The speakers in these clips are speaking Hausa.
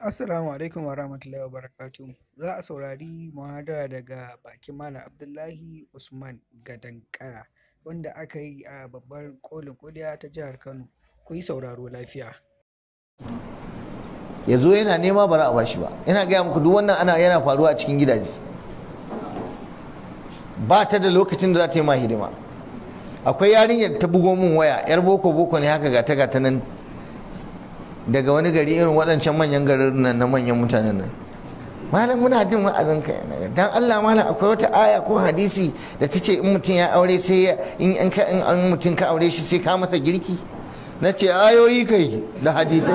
Assalamu alaikum wa rahmatullahi wa barakatuhu. Za a saurari muhadara daga bakin Malam Abdullahi Usman Gadankara wanda aka yi a babbar kolin kudiya ta jihar Kano. Ku yi sauraro lafiya. Ya yana nema bara a bashi ba. Ina gaya muku duk wannan ana yana faruwa a cikin gidaje. Ba ta da lokacin da za ta yi ma hidima. Akwai yarinyar ta bugo mun waya, 'yar boko boko ne haka gata gata nan daga wani gari irin waɗancan manyan garin na manyan mutanen nan malam muna jin wa'azinka yana dan Allah malam akwai wata aya ko hadisi da ta ce in mutum ya aure sai in an ka in an mutum ka aure shi sai ka masa girki na ce ayoyi kai da hadisai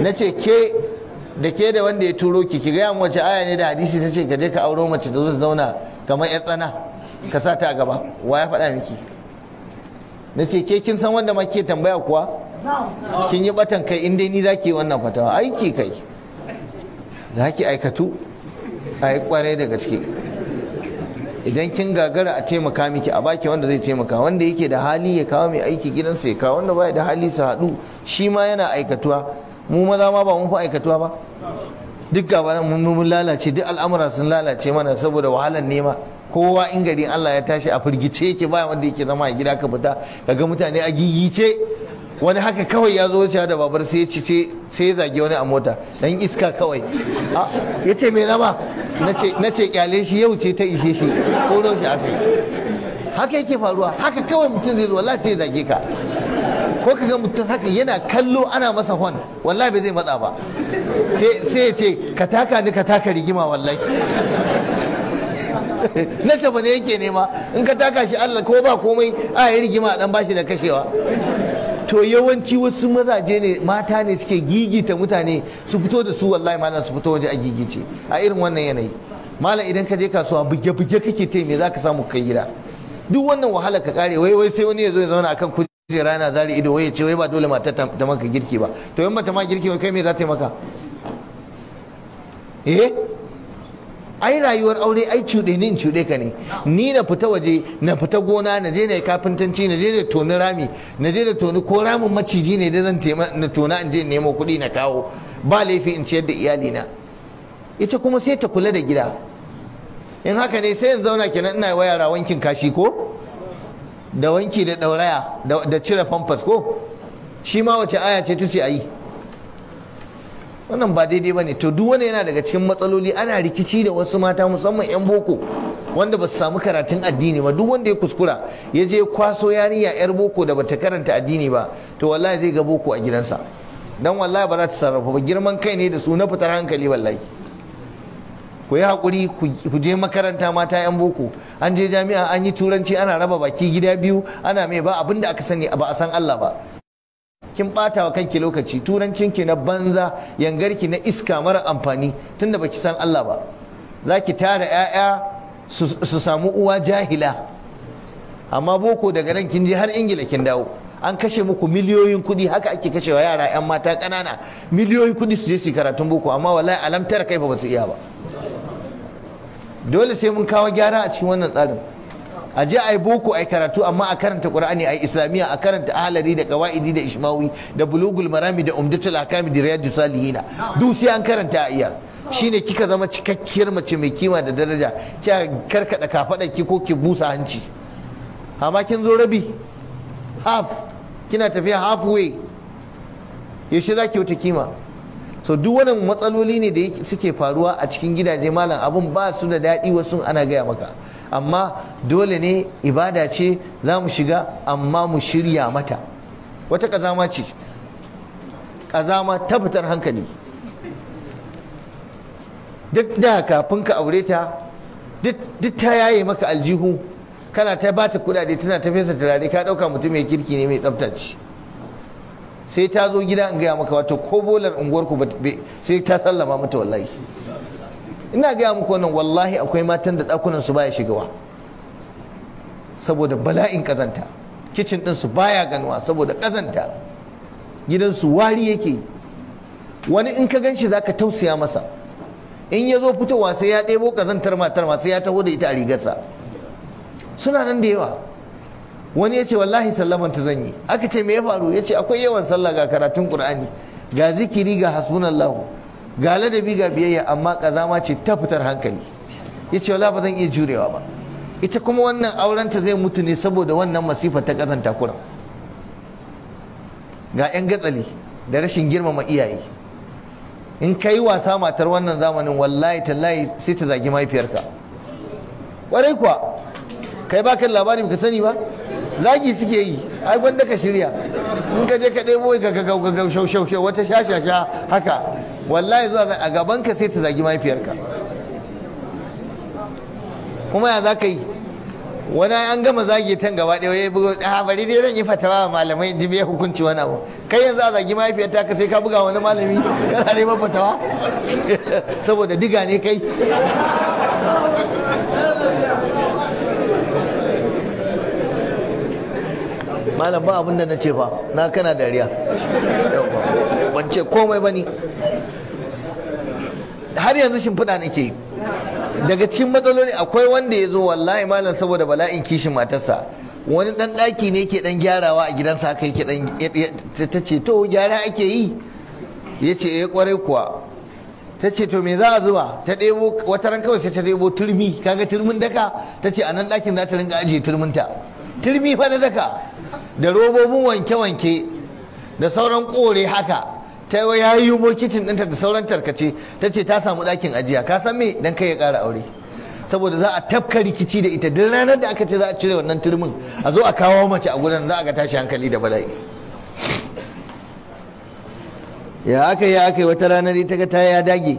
na ce ke da ke da wanda ya turo ki ki gaya wace aya ne da hadisi ta ce ka je ka auro mace da zauna kamar ya tsana ka sa ta gaba wa ya faɗa miki na ce ke kin san wanda ma tambaya kuwa kin yi batan kai in dai ni za ki wannan fatawa aiki kai za ki aikatu a yi kwarai da gaske idan kin gagara a taimaka miki a baki wanda zai taimaka wanda yake da hali ya kawo mai aiki gidansa ya kawo wanda baya da hali su haɗu shi ma yana aikatuwa mu maza ma ba mun fi aikatuwa ba duk gaba mun lalace duk al'amura sun lalace mana saboda wahalar nema kowa in gari Allah ya tashi a firgice yake ba wanda yake zama a gida ka fita kaga mutane a gigice wani haka kawai ya zo wuce da babar sai ci sai ya zage wani a mota dan iska kawai ya ce me nama na ce kyale shi yau ce ta ishe shi ko shi aka yi haka yake faruwa haka kawai mutum zai zo wallahi sai ya zage ka ko kaga mutum haka yana kallo ana masa hon wallahi bai zai matsa ba sai ya ce ka taka ni ka taka rigima wallahi na tafa ne yake nema in ka taka shi Allah ko ba komai a yi rigima dan bashi da kashewa to yawanci wasu mazaje ne mata ne suke gigita mutane su fito da su wallahi malam su fito waje a gigice a irin wannan yanayi malam idan ka je kasuwa buge buge kake te me zaka samu kai gida duk wannan wahala ka kare wai wai sai wani ya zo ya zauna akan kujera yana zari ido wai ya ce wai ba dole mata ta maka girki ba to in mata ma girki kai me za ta maka eh ai rayuwar aure ai cuɗe ni in cuɗe ka ne ni na fita waje na fita gona na je na yi kafintanci na je da toni rami na je da toni ko ramin maciji ne da zan na tona in je nemo kuɗi na kawo ba laifi in ciyar da iyali na. ita kuma sai ta kula da gida in haka ne sai in zauna kenan ina waya ra wankin kashi ko da wanki da ɗauraya da cire famfas ko shi ma wace aya ce ta ce a yi wannan ba daidai ba ne to duk wani yana daga cikin matsaloli ana rikici da wasu mata musamman 'yan boko wanda ba su samu karatun addini ba duk wanda ya kuskura ya je kwaso yarinya 'yar boko da bata karanta addini ba to wallahi zai ga boko a gidansa dan wallahi ba za ta sarrafa ba girman kai ne da su na fitar hankali wallahi ku yi hakuri ku je makaranta mata 'yan boko an je jami'a an yi turanci ana raba baki gida biyu ana mai ba abinda aka sani ba a san Allah ba kin bata wa kanki lokaci turancinki na banza yangarki na iska mara amfani tunda baki san Allah ba za ki tara 'ya'ya su samu uwa jahila amma boko daga nan kin je har ingila kin dawo an kashe muku miliyoyin kudi haka ake kashewa yara 'yan mata ƙanana miliyoyin kudi su je su karatun boko amma wallahi alamtar kai ba su iya ba dole sai mun kawo gyara a cikin wannan tsarin a je a yi boko a yi karatu amma a karanta qur'ani a yi islamiyya a karanta ahalari da kawaidi da ishmawi da bulugul marami da umdatul akami da riyadu salihina duk sai an karanta a iya shine kika zama cikakkiyar mace mai kima da daraja kika karkada ki ko ki busa hanci amma kin zo rabi half kina tafiya halfway yaushe zaki wata kima so duk wannan matsaloli ne da suke faruwa a cikin gidaje malam abun ba su da daɗi wasu ana gaya maka amma dole ne ibada ce za mu shiga amma mu shirya mata wata kazama ce kazama ta hankali duk da kafin ka aure ta duk ta yaye maka aljihu kana ta bata kudade tana ta fesa turare ka dauka mutum mai kirki ne mai tsaftace sai ta zo gida in gaya maka wato ko bolar unguwarku sai ta sallama mata wallahi ina gaya muku wannan wallahi akwai matan da ɗakunan su baya shigawa saboda bala'in kazanta kicin su baya ganuwa saboda kazanta gidansu wari yake wani in ka gan shi zaka tausaya masa in ya zo fitowa sai ya debo kazantar matar ma ya taho da ita a rigarsa suna nan da yawa wani yace wallahi sallaman ta zanyi aka ce me ya faru ya ce akwai yawan sallah ga karatun qur'ani ga zikiri ga hasbunallahu ga ladabi ga biyayya amma kazama ce ta fitar hankali ya ce wala ba zan iya jurewa ba ita kuma wannan aurenta zai mutu ne saboda wannan masifa ta kazan takura ga 'yan gatsali da rashin girmama iyaye in ka yi wasa matar wannan zamanin wallahi tallahi sai ta zagi mahaifiyarka kwarai kuwa kai baka labari baka sani ba zagi suke yi ai gwanda ka shirya in ka je ka ɗebo ga ga ga ga shau shau shau wata shasha sha haka wallahi zuwa a gaban ka sai ta zagi mahaifiyarka kuma ya za ka yi wani an gama zagi tan gaba ɗaya ya buga a ah, bari dai zan yi fatawa malamai jibi ya hukunci wani abu kai yanzu a zagi mahaifiyarta ka sai ka buga wani malami kana neman fatawa saboda diga ne kai malam ba abin da na ce fa na kana dariya ban ce komai ba ni har yanzu shimfiɗa nake yi daga cikin matsaloli akwai wanda ya zo wallahi malam saboda bala'in kishin matarsa wani dan daki ne ke dan gyarawa a gidansa aka yake dan ta ce to gyara ake yi ya ce eh kwarai kuwa ta ce to me za a zuba ta ɗebo wata ran kawai sai ta ɗebo turmi kaga turmin daka ta ce a nan ɗakin za ta ringa ajiye turminta turmi fa na daka da robobin wanke-wanke da sauran kore haka ta yi ya yi bokitin ɗinta da sauran tarkace ta ce ta samu ɗakin ajiya ka san me dan kai ya ƙara aure saboda za a tafka rikici da ita duk ranar da aka ce za a cire wannan turmin a zo a kawo mace a gudan za a ga tashi hankali da bala'i ya aka yi aka yi wata ranar ita ga ta ya dage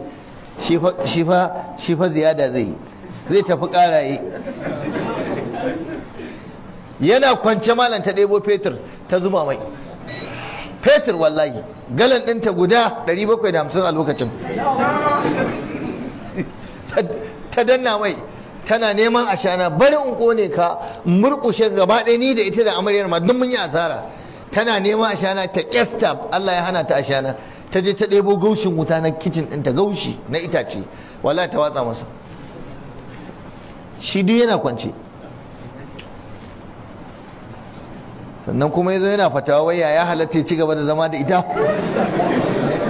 shifa ziyada zai zai tafi ƙara yana kwance malam ta ɗebo fetur ta zuba mai fetur wallahi galan ɗinta guda 750 a lokacin ta danna mai tana neman ashana bari in kone ka murƙushe gaba ɗaya ni da ita da amaryar ma duk mun yi asara tana neman ashana ta kesta Allah ya hana ta ashana ta je ta ɗebo gaushin wuta na kicin ɗinta gaushi na itace wala ta watsa masa shi duk yana kwance sannan kuma zo yana fatawa waya ya halatta ya ci gaba da zama da ita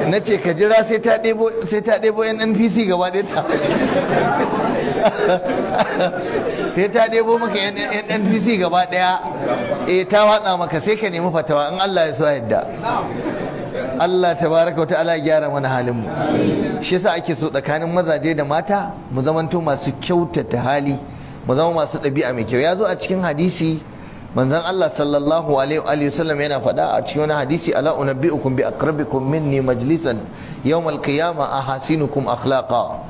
na ce ka jira sai ta ɗebo sai N.P.C gaba ɗaya ta sai ta ɗebo maka npc gaba ɗaya e ta watsa maka sai ka nemi fatawa in Allah ya so yadda Allah ta baraka wa ta'ala gyara mana halin mu shi yasa ake so tsakanin mazaje da mata mu zamanto masu kyautata hali mu zama masu ɗabi'a mai kyau ya zo a cikin hadisi manzon Allah sallallahu alaihi wasallam yana faɗa a cikin wani hadisi ala unabbiukum bi aqrabikum minni majlisan yawm al-qiyamah ahasinukum akhlaqa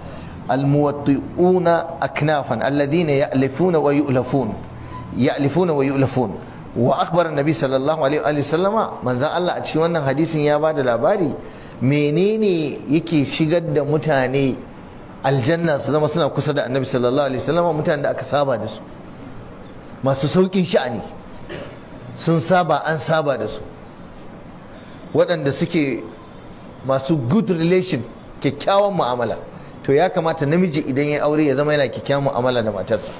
almuwatti'una aknafan alladhina ya'lifuna wa yu'lafun ya'lifuna wa yu'lafun wa akhbara nabi sallallahu alaihi wasallama manzon Allah a cikin wannan hadisin ya bada labari menene yake shigar da mutane aljanna su zama suna kusa da annabi sallallahu alaihi wasallama mutanen da aka saba da su masu saukin sha'ani sun saba an saba da su waɗanda suke masu good relation kyakkyawan mu'amala to ya kamata namiji idan ya aure ya zama yana kyakkyawan mu'amala da matarsa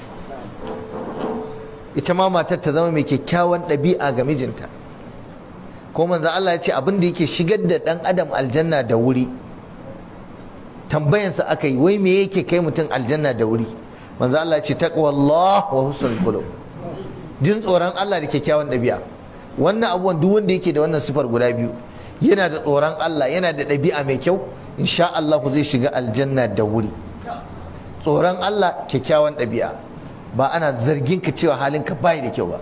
ita ma matar ta zama mai kyakkyawan ɗabi'a ga mijinta ko manzo Allah ya ce abin da yake shigar da ɗan adam aljanna da wuri tambayansa aka yi wai me yake kai mutum aljanna da wuri manzo Allah ya ce taqwallah wa husnul khuluq jin tsoron Allah da kyakkyawan ɗabi'a wannan abubuwan duk wanda yake da wannan sifar guda biyu yana da tsoron Allah yana da ɗabi'a mai kyau insha Allah zai shiga aljanna da wuri tsoron Allah kyakkyawan ɗabi'a ba ana zargin ka cewa halinka bai da kyau ba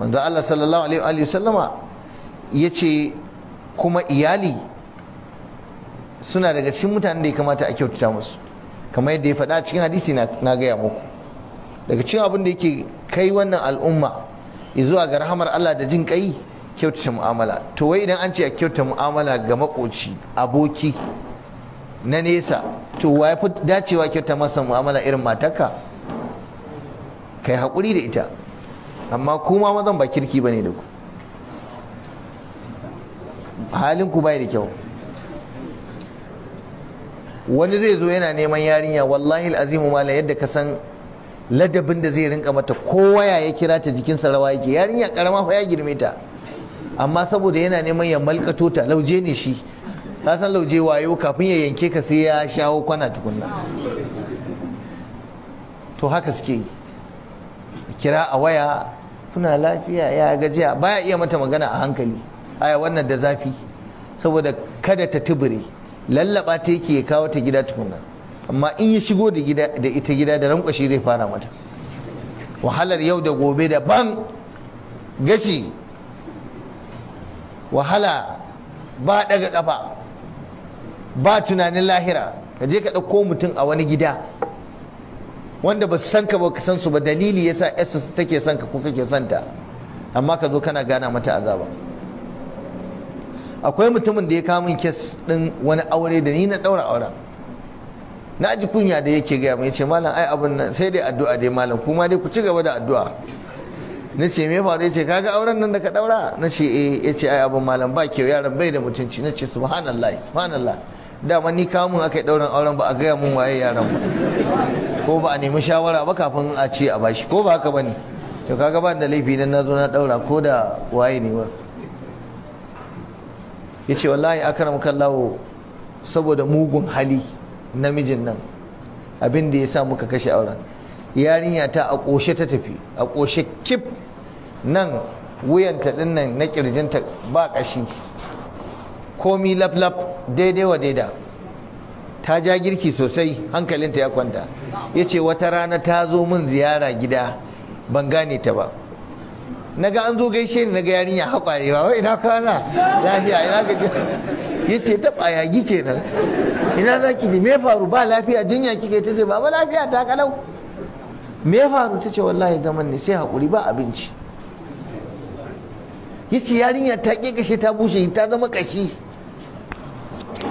manzo Allah sallallahu alaihi wa sallama yace kuma iyali suna daga cikin mutanen da ya kamata a kyautata musu kamar yadda ya faɗa cikin hadisi na gaya muku daga cikin abin da yake kai wannan al'umma zuwa ga rahamar Allah da jin kai kyautata mu'amala to wai idan an ce a kyautata mu'amala ga makoci aboki na nesa to wa fi dacewa kyautata masa mu'amala irin matarka kai haƙuri da ita amma kuma mazan ba kirki bane da ku halin ku bai da kyau wani zai zo yana neman yarinya wallahi azimu mala yadda ka san ladabin da zai rinka mata kowa ya kira ta jikin sarawa yake yarinya karama fa ya girme ta amma saboda yana neman ya malkato ta lauje ne shi ka san lauje wayo kafin ya yanke ka sai ya shawo kwana tukunna to haka suke yi kira a waya kuna lafiya ya gajiya baya iya mata magana a hankali aya wannan da zafi saboda kada ta tubure lallaba ta yake ya kawo ta gida tukunna amma in ya shigo da gida da ita gida da rankwashi zai fara mata wahalar yau da gobe da ban gashi wahala ba daga kafa ba tunanin lahira ka je ka ɗauko mutum a wani gida wanda ba su san ka ba san su ba dalili yasa ta take son ka ko kake son ta amma ka zo kana gana mata a azaba akwai mutumin da ya kamun kes ɗin wani aure da ni na ɗaura auren na ji kunya da yake gaya mai ce malam ai abin nan sai dai addu'a dai malam kuma dai ku ci gaba da addu'a na ce me faru ya ce kaga auren nan da ka daura na ce eh ya ce ai abin malam ba kyau yaran bai da mutunci na ce subhanallah subhanallah dama ni kawo mun aka yi dauran auren ba a gaya mun waye yaran ba ko ba a nemi shawara ba kafin a ce a bashi ko ba haka bane to kaga ba da laifi dan na zo na daura ko da waye ne ba ya ce wallahi akramkallahu saboda mugun hali namijin nan abin da ya sa muka kashe auren yarinya ta a ƙoshe ta tafi a ƙoshe kif nan wuyanta ɗin nan na ƙirjinta ba ƙashi komi laf-laf daidai wa daida ta ja girki sosai hankalinta ya kwanta ya ce wata rana ta zo min ziyara gida ban gane ta ba na ga an zo gaishe ni na ga yarinya haƙwarewa wai ina kwana lafiya ina gaji ya ce taɓa yagi kenan ina za ki fi me faru ba lafiya jinya kike ta ce baba lafiya ta kalau me faru ta ce wallahi zaman ne sai haƙuri ba abinci ya ce yarinya ta ƙi kashe ta bushe ta zama kashi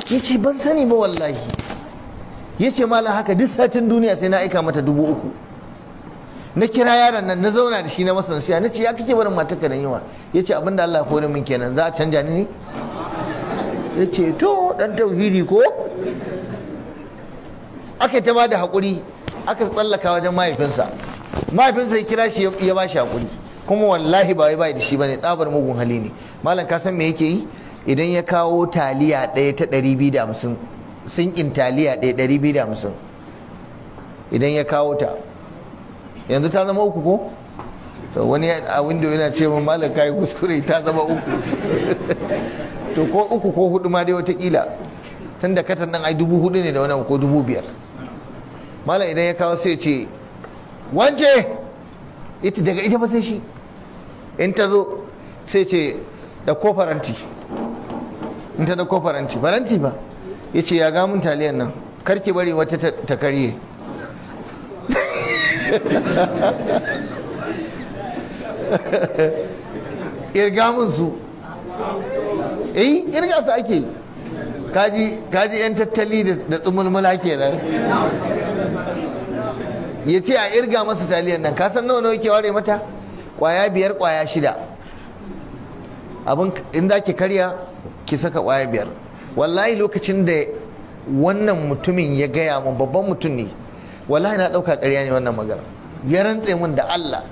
ya ce ban sani ba wallahi ya ce malam haka duk satin duniya sai na aika mata dubu uku na kira yaron nan na zauna da shi na masa na ce ya kake barin matakan nan yawa ya ce abinda Allah ya min kenan za a canja ni ne ya ce to dan tauhidi ko aka ta ba da haƙuri aka tsallaka wajen mahaifinsa mahaifinsa ya kira shi ya ba shi haƙuri kuma wallahi ba wai ba da shi bane tsabar mugun hali ne malam ka san me yake yi idan ya kawo taliya ɗaya ta ɗari biyu da hamsin sinkin taliya ɗaya ɗari biyu da hamsin idan ya kawo ta yanzu ta zama uku ko to wani a window yana ce min malam kai kuskure ta zama uku to ko uku ko hudu ma dai watakila tun da katan nan ai dubu hudu ne da wani ko dubu biyar malam idan ya kawo sai ce wance ita daga ita ba sai shi in ta zo sai ce da ko faranti in ta da ko faranti faranti ba ya ce ya gamun taliyan nan karki bari wata ta karye irga mun su eh irga su ake yi kaji yan tattali da tsumulmula kenan ya ce a irga masa taliyan nan kasan nawa nawa ke ware mata kwaya biyar kwaya shida abin in ke karya ki saka kwaya biyar wallahi lokacin da wannan mutumin ya gaya mun babban mutum ne wallahi na ɗauka karya ne wannan magana ya rantse mun da Allah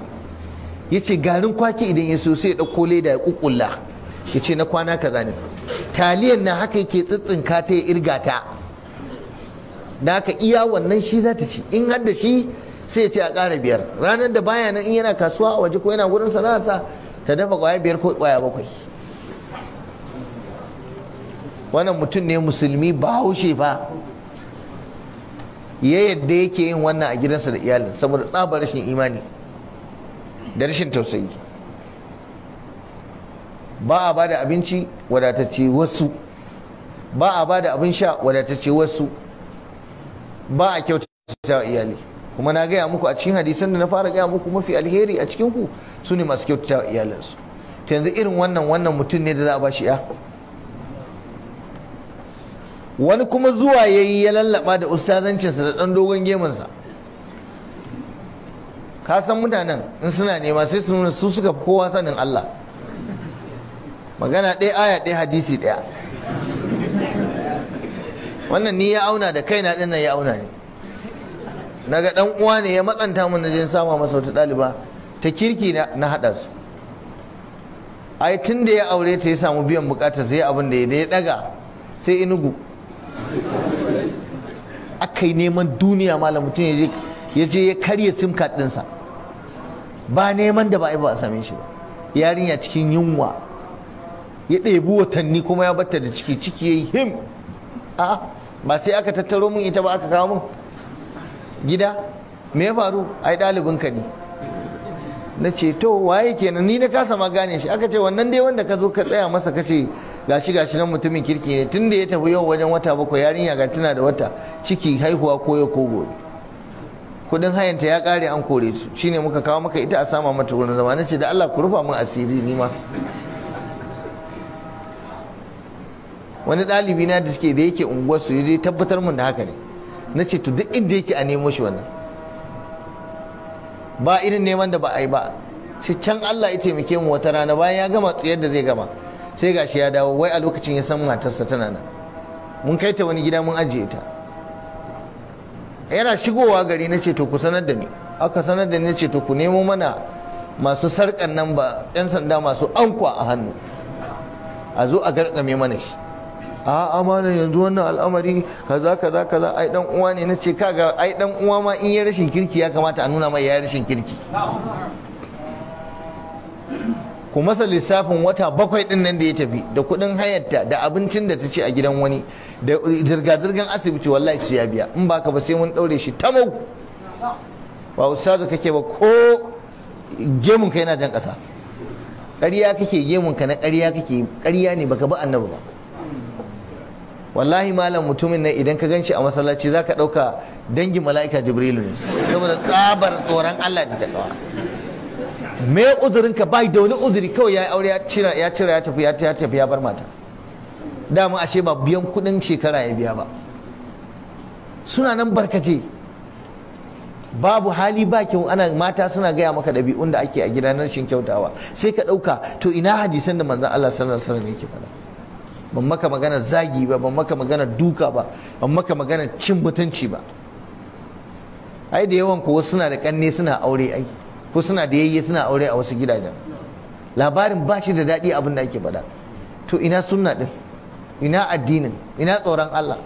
ya ce garin kwaki idan ya so sai ya ɗauko leda ya ƙuƙulla ya ce na kwana kaza ne taliyan na haka yake tsitsinka ta ya irga ta da haka iya wannan shi za ta ci in har da shi sai ya ce a ƙara biyar ranar da baya nan in yana kasuwa a waje ko yana gurin sana'arsa ta dafa ƙwaya biyar ko ƙwaya bakwai wannan mutum ne musulmi ba haushe ba ya yadda yake yin wannan a gidansa da iyalin saboda tsabar rashin imani da rashin tausayi ba a bada abinci wadatacce wasu ba a bada abin sha wadatacce wasu ba a kyautata iyali kuma na gaya muku a cikin hadisan da na fara gaya muku mafi alheri a cikin ku su ne masu kyautata iyalansu ta yanzu irin wannan wannan mutum ne da za a ba shi ya wani kuma zuwa ya yi ya lallaba da ustazancinsa da ɗan dogon gemunsa ka san mutanen in suna nema sai su nuna su suka fi kowa sanin Allah magana ɗaya aya ɗaya hadisi ɗaya wannan ni ya auna da kaina ɗin nan ya auna ne naga dan uwa ne ya matsanta mun na jin sama masa wata ɗaliba ta kirki na haɗa su ai tun da ya aure ta ya samu biyan bukata sai abin da ya daga sai inugu aka yi neman duniya malam mutum ya je ya karya sim card ɗinsa ba neman da ba a ba a same shi ba yarinya cikin yunwa ya ɗebi watanni kuma ya batta da ciki ciki yayi him a ba sai aka tattaro mun ita ba aka kawo mun gida me ya faru ai ɗalibin ka ne na ce to waye kenan ni na kasa ma gane shi aka ce wannan dai wanda ka zo ka tsaya masa ka ce gashi gashi nan mutumin kirki ne tun da ya tafi yau wajen wata bakwai yarinya ga tana da wata ciki haihuwa ko ya ko gobe kudin hayanta ya kare an kore su shine muka kawo maka ita a sama mata wurin zama ce da Allah ku rufa mun asiri ni ma wani ɗalibi na da suke da yake unguwar su dai tabbatar mun da haka ne na ce to duk inda yake a nemo shi wannan ba irin neman da ba a yi ba shi can Allah ya taimake mu wata rana bayan ya gama tsayar da zai gama sai gashi ya dawo wai a lokacin ya san matarsa tana nan mun kai ta wani gida mun ajiye ta yana shigowa gari na ce to ku sanar da ni aka sanar da ni ce to ku nemo mana masu sarkan nan ba yan sanda masu ankwa a hannu a zo a garkame mana shi a amana yanzu wannan al'amari kaza kaza kaza ai dan uwa ne nace kaga ai dan uwa ma in ya rashin kirki ya kamata a nuna mai ya rashin kirki ku masa lissafin wata bakwai din nan da ya tafi da kuɗin hayarta da abincin da ta ci a gidan wani da zirga zirgar asibiti wallahi su ya biya in ba ka ba sai mun ɗaure shi ta mau ba ustazu kake ba ko gemun ka yana jan ƙasa ƙarya kake gemun ka na ƙarya kake ƙarya ne baka bi annabi ba wallahi malam mutumin nan idan ka ganshi a masallaci zaka dauka dangin mala'ika jibrilu ne saboda tsabar tsoron Allah da takawa me uzurin ka bai da wani uzuri kawai ya aure ya cira ya cira ya tafi ya tafi ya bar mata dama ashe ba biyan kudin shekara ya biya ba suna nan barkace babu hali ba kyau ana mata suna gaya maka ɗabi'un da ake a gidanar shin kyautawa sai ka ɗauka to ina hadisan da manzon Allah sallallahu alaihi wasallam yake faɗa ban maka maganar zagi ba ban maka maganar duka ba ban maka maganar cin mutunci ba ai da yawan kuwa suna da kanne suna aure ai ko suna da yayye suna aure a wasu gidajen labarin ba shi da daɗi abin da ake faɗa to ina sunna din ina addinin ina tsoron Allah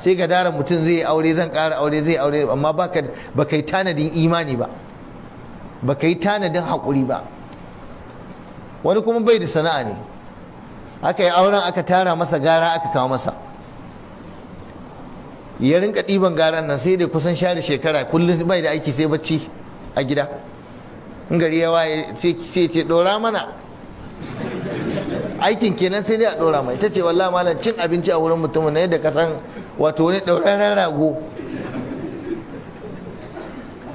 sai ga daren mutum zai aure zan ƙara aure zai aure amma baka baka yi tanadin imani ba baka yi tanadin haƙuri ba wani kuma bai da sana'a ne aka yi auren aka tara masa gara aka kawo masa ya rinka ɗiban garan nan sai dai kusan share shekara kullum bai da aiki sai bacci a gida in gari ya waye sai ce ɗora mana aikin kenan sai dai a ɗora mai ta ce wallah malam cin abinci a wurin mutumin na yadda ka san wato wani ɗauraren rago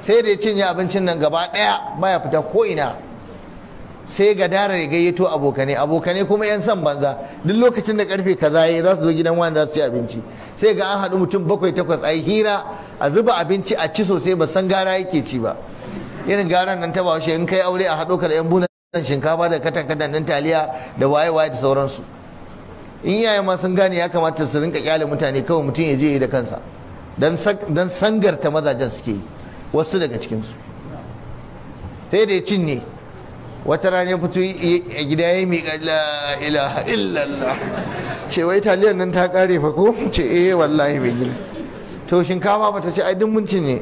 sai dai cinye abincin nan gaba ɗaya baya fita ko ina sai gadara ya gayyato abokane abokane kuma yan san banza duk lokacin da karfe kaza yayi za su zo gidan wani za su ci abinci sai ga an haɗu mutum bakwai takwas ayi hira a zuba abinci a ci sosai ba san gara yake ci ba irin garan nan ta bahaushe in kai aure a haɗo ka da yan bunan shinkafa da katan katan nan taliya da waye waye da sauransu in iyaye ma sun gane ya kamata su rinka kyale mutane kawai mutum ya je da kansa dan sangarta mazajen suke yi wasu daga cikinsu sai da ya cinye wata rana ya fito a gida ya miƙa la ilaha illallah ce wai taliyar nan ta kare fa ko ce eh wallahi bai gina to shinkafa bata ce ai duk ne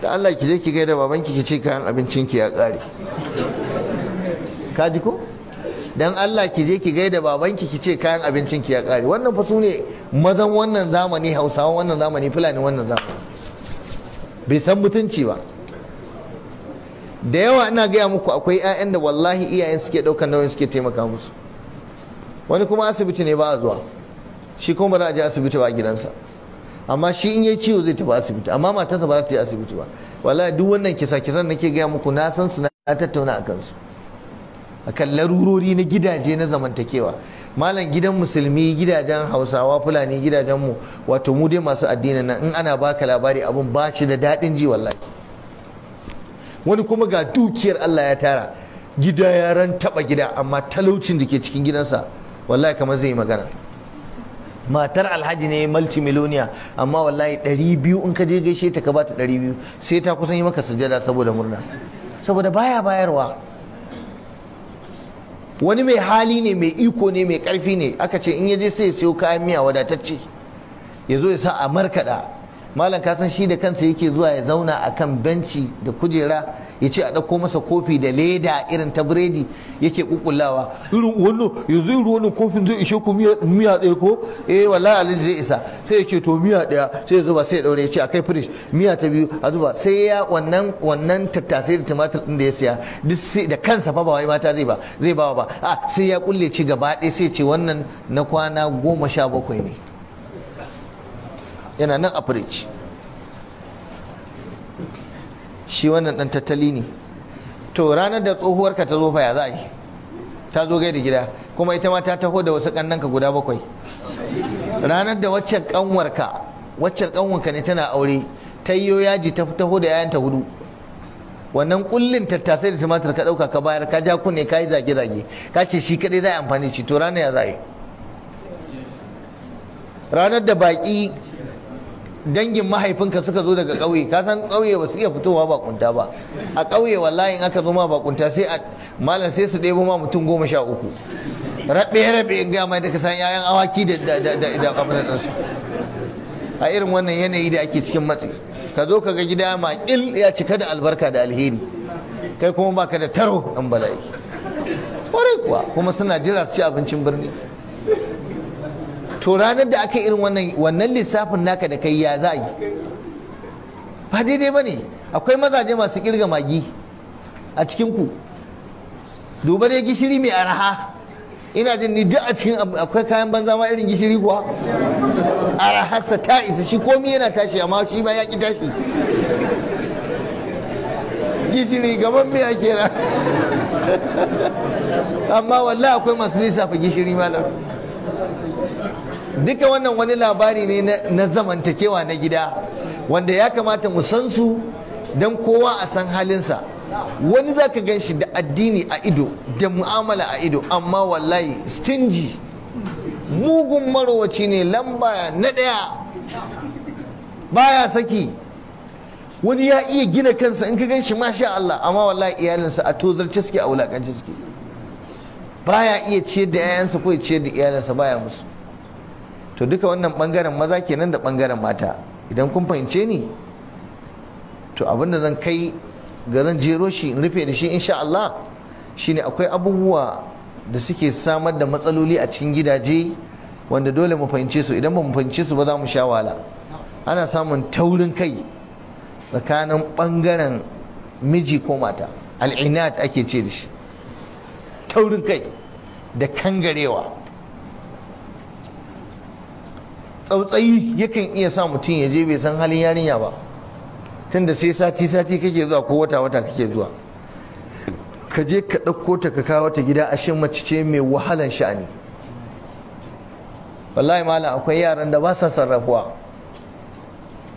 da Allah ki je ki gaida babanki ki ce kayan abincin ki ya kare ka ji ko dan Allah ki je ki gaida babanki ki ce kayan abincin ki ya kare wannan fa ne mazan wannan zamani Hausawa wannan zamani Fulani wannan zamani bai san mutunci ba da yawa ina gaya muku akwai 'ya'yan da wallahi iyayen suke ɗaukar nauyin suke taimaka musu wani kuma asibiti ne ba a zuwa shi kuma ba asibiti ba a gidansa amma shi in yi ciwo zai tafi asibiti amma matarsa ba za ta yi asibiti ba wallahi duk wannan kisa kisan ke gaya muku na san su na tattauna a kansu akan larurori na gidaje na zamantakewa malam gidan musulmi gidajen hausawa fulani gidajen mu wato mu dai masu addinin nan in ana baka labari abun ba shi da daɗin ji wallahi wani kuma ga dukiyar Allah ya tara gida ya ran taba gida amma talaucin da ke cikin gidansa wallahi kamar zai yi magana matar alhaji ne multimillionaire amma wallahi 200 in ka je gaishe ta ka bata 200 sai ta kusan yi maka sujada saboda murna saboda baya bayarwa wani mai hali ne mai iko ne mai karfi ne aka ce in ya je sai ya siyo kayan miya wadatacce ya zo ya sa a markada malam ka san shi da kansa yake zuwa ya zauna a kan benci da kujera ya ce a ɗauko masa kofi da leda irin ta biredi yake kukullawa irin wannan yanzu irin wannan kofin zai ishe ku miya ɗaya ko eh wallahi alhaji zai isa sai ya to miya ɗaya sai ya zuba sai ya ɗaure ya ce a kai firish miya ta biyu a zuba sai ya wannan wannan tattasai da tumatir ɗin da ya siya da kansa fa ba wai mata zai ba zai ba ba a sai ya kulle ci gaba ɗaya sai ce wannan na kwana goma sha bakwai ne yana nan a fridge shi wannan dan tattali ne to ranar da tsohuwarka ta zo fa ya za yi ta zo gai da gida kuma ita ma ta taho da wasu kannanka guda bakwai ranar da waccan kanwarka waccan kanwarka ne tana aure ta yi yaji ta taho da yayanta hudu wannan kullin tattasai da tumatir ka dauka ka bayar ka ja kunne ka yi zage zage ka ce shi kadai za amfani shi to ranar ya za yi ranar da baki dangin mahaifinka suka zo daga ƙauye ka san ƙauye ba su iya fitowa bakunta ba a ƙauye wallahi in aka zo ma bakunta sai a malam sai su ɗebo ma mutum goma sha uku rabe rabe in ga mai da ka san yayan awaki da da da su a irin wannan yanayi da ake cikin matsi ka zo ka ga gida maƙil ya cika da albarka da alheri kai kuma baka da taro an bala'i kwarai kuwa kuma suna jira su ci abincin birni to ranar da aka irin wannan wannan lissafin naka da kai ya za yi ba daidai ba ne akwai mazaje masu kirga magi a cikinku duba dai gishiri mai araha ina jin ni duk a cikin akwai kayan banza ma irin gishiri kuwa arahasa ta isa shi komi yana tashi amma shi ma ya ki tashi gishiri gaban ake kenan amma wallahi akwai masu lissafa gishiri malam duka wannan wani labari ne na zamantakewa na gida wanda ya kamata mu san su don kowa a san halinsa wani za ka gan shi da addini a ido da mu'amala a ido amma wallahi stingy mugun marowaci ne lamba na ɗaya baya saki wani ya iya gina kansa in ka gan shi masha Allah amma wallahi iyalinsa a tozarci suke a wulakanci suke baya iya ciyar da 'ya'yansa ko ya ciyar da iyalinsa baya musu to duka wannan bangaren maza kenan da bangaren mata idan kun fahimce ni to abin da zan kai ga zan jero shi in rufe da shi insha Allah shine akwai abubuwa da suke samar da matsaloli a cikin gidaje wanda dole mu fahimce su idan ba mu fahimce su ba za mu sha wala ana samun taurin kai tsakanin bangaren miji ko mata al'inat ake ce da shi taurin kai da kangarewa tsautsayi yakan iya sa mutum ya je bai san halin yarinya ba tunda sai sati sati kake zuwa ko wata wata kake zuwa ka je ka ɗauko ta ka kawo ta gida shan mace ce mai wahalan sha'ani wallahi malam akwai yaran da ba sa sarrafuwa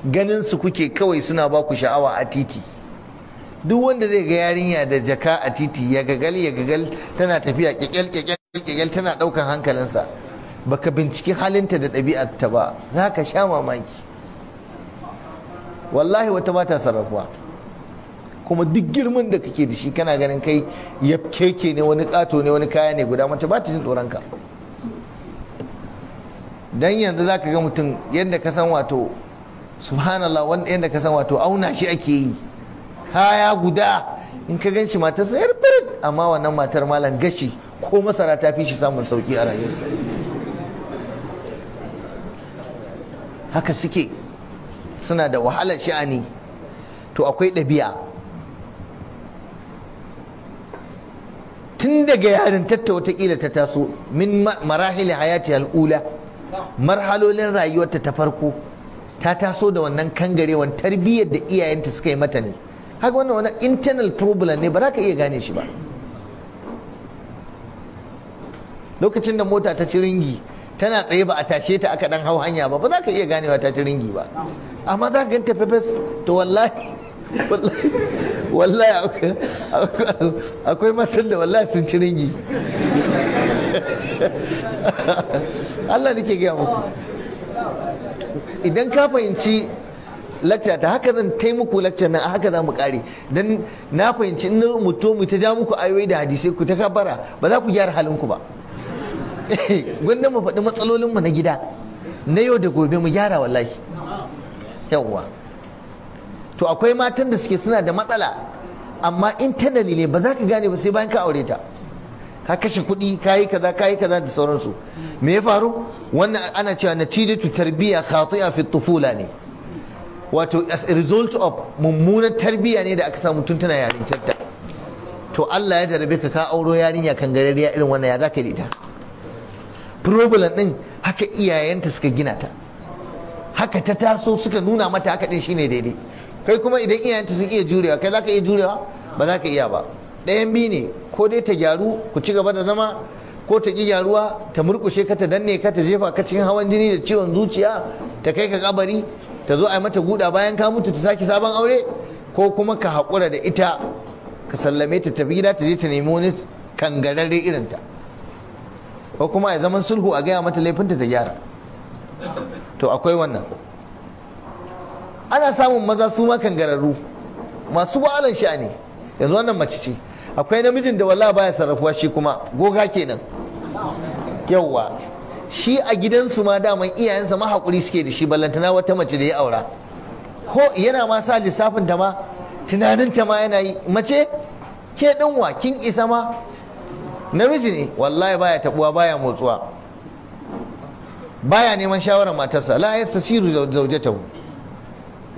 ganin su kuke kawai suna ba ku sha'awa a titi duk wanda zai ga yarinya da jaka a titi ya gagal ya gagal tana tafiya kyakkyal-kyakkyal tana ɗaukan hankalinsa baka binciki halinta da ɗabi'arta ba za ka sha mamaki wallahi wata ba ta sarrafuwa kuma duk girman da kake da shi kana ganin kai ya keke ne wani ƙato ne wani kaya ne guda mace ba ta jin tsoronka Don yanzu za ka ga mutum yadda ka san wato subhanallah wanda yadda ka san wato auna shi ake yi kaya guda in ka gan shi matarsa yar amma wannan matar malam gashi ko masara ta fi shi samun sauki a rayuwarsa haka suke suna da wahalar sha'ani to akwai ɗabi'a tun daga yarin tatta watakila ta taso min marahili hayati al'ula marhalolin rayuwarta ta farko ta taso da wannan kangarewan tarbiyyar da iyayenta suka yi mata ne haka wannan wani internal problem ne ba za ka iya gane shi ba lokacin da mota ta ci ringi tana tsaye ba a tashe ta aka dan hau hanya ba ba za ka iya ganewa ta ci ringi ba amma za ka ganta fefes to wallahi wallahi akwai matan da wallahi sun ci ringi Allah nake gaya muku idan ka fahimci lacca ta haka zan tai muku lacca nan haka za mu kare don na fahimci in mutum ta ja muku ayoyi da hadisai ku ta kabara ba za ku gyara halinku ba gwanda mu faɗi matsalolinmu na gida na yau da gobe mu gyara wallahi yawwa to akwai matan da suke suna da matsala amma internally ne ba za ka gane ba sai bayan ka aure ta ka kashe kuɗi ka yi kaza ka yi kaza da sauransu me ya faru wannan ana cewa na tu tarbiyya khati'a fi tufula ne wato as a result of mummunar tarbiyya ne da aka samu tun tana ta. to Allah ya darbe ka ka auro yarinya kan ya irin wannan ya zaka yi ta problem din haka iyayenta suka gina ta haka ta taso suka nuna mata haka din shine daidai kai kuma idan iyayenta sun iya jurewa kai zaka iya jurewa ba za ka iya ba ɗayan biyu ne ko dai ta gyaru ku ci gaba da zama ko ta ƙi gyaruwa ta murkushe ka ta danne ka ta jefa ka cikin hawan jini da ciwon zuciya ta kai ka kabari ta zo a yi mata guda bayan ka mutu ta saki sabon aure ko kuma ka haƙura da ita ka sallame ta tafi gida ta je ta nemi wani kangararre irinta ko kuma ya zaman sulhu a gaya mata laifinta ta gyara to akwai wannan ana samun maza su ma kangararru masu wa'alan sha'ani yanzu wannan mace ce akwai namijin da wallahi baya sarrafuwa shi kuma goga kenan yawwa shi a gidansu ma daman iyayensa ma haƙuri suke da shi ballantana wata mace da ya aura ko yana ma sa lissafin ta ma Tunaninta ma yana yi mace ke ɗinwa kin isa ma namiji ne wallahi baya tabuwa baya motsuwa baya neman shawarar matarsa la ta hu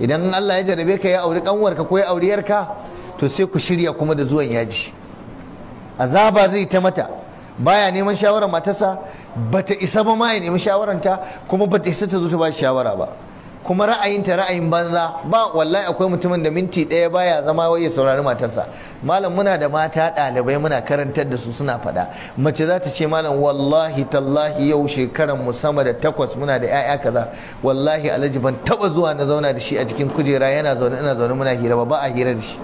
idan Allah ya jarabe ka ya auri kanwarka ko ya yarka, to sai ku shirya kuma da zuwan yaji azaba zai ta mata baya neman shawarar matarsa bata isa ba ma ya nemi shawaranta kuma bata isa ta zo ta ba shawara ba kuma ra'ayinta ra'ayin banza ba wallahi akwai mutumin da minti ɗaya baya zama waye saurari matarsa malam muna da mata ɗalibai muna karantar da su suna faɗa mace za ta ce malam wallahi tallahi yau shekaran mu sama da takwas muna da 'ya'ya kaza wallahi alhaji ban taba zuwa na zauna da shi a cikin kujera yana zaune ina zaune muna hira ba ba a hira da shi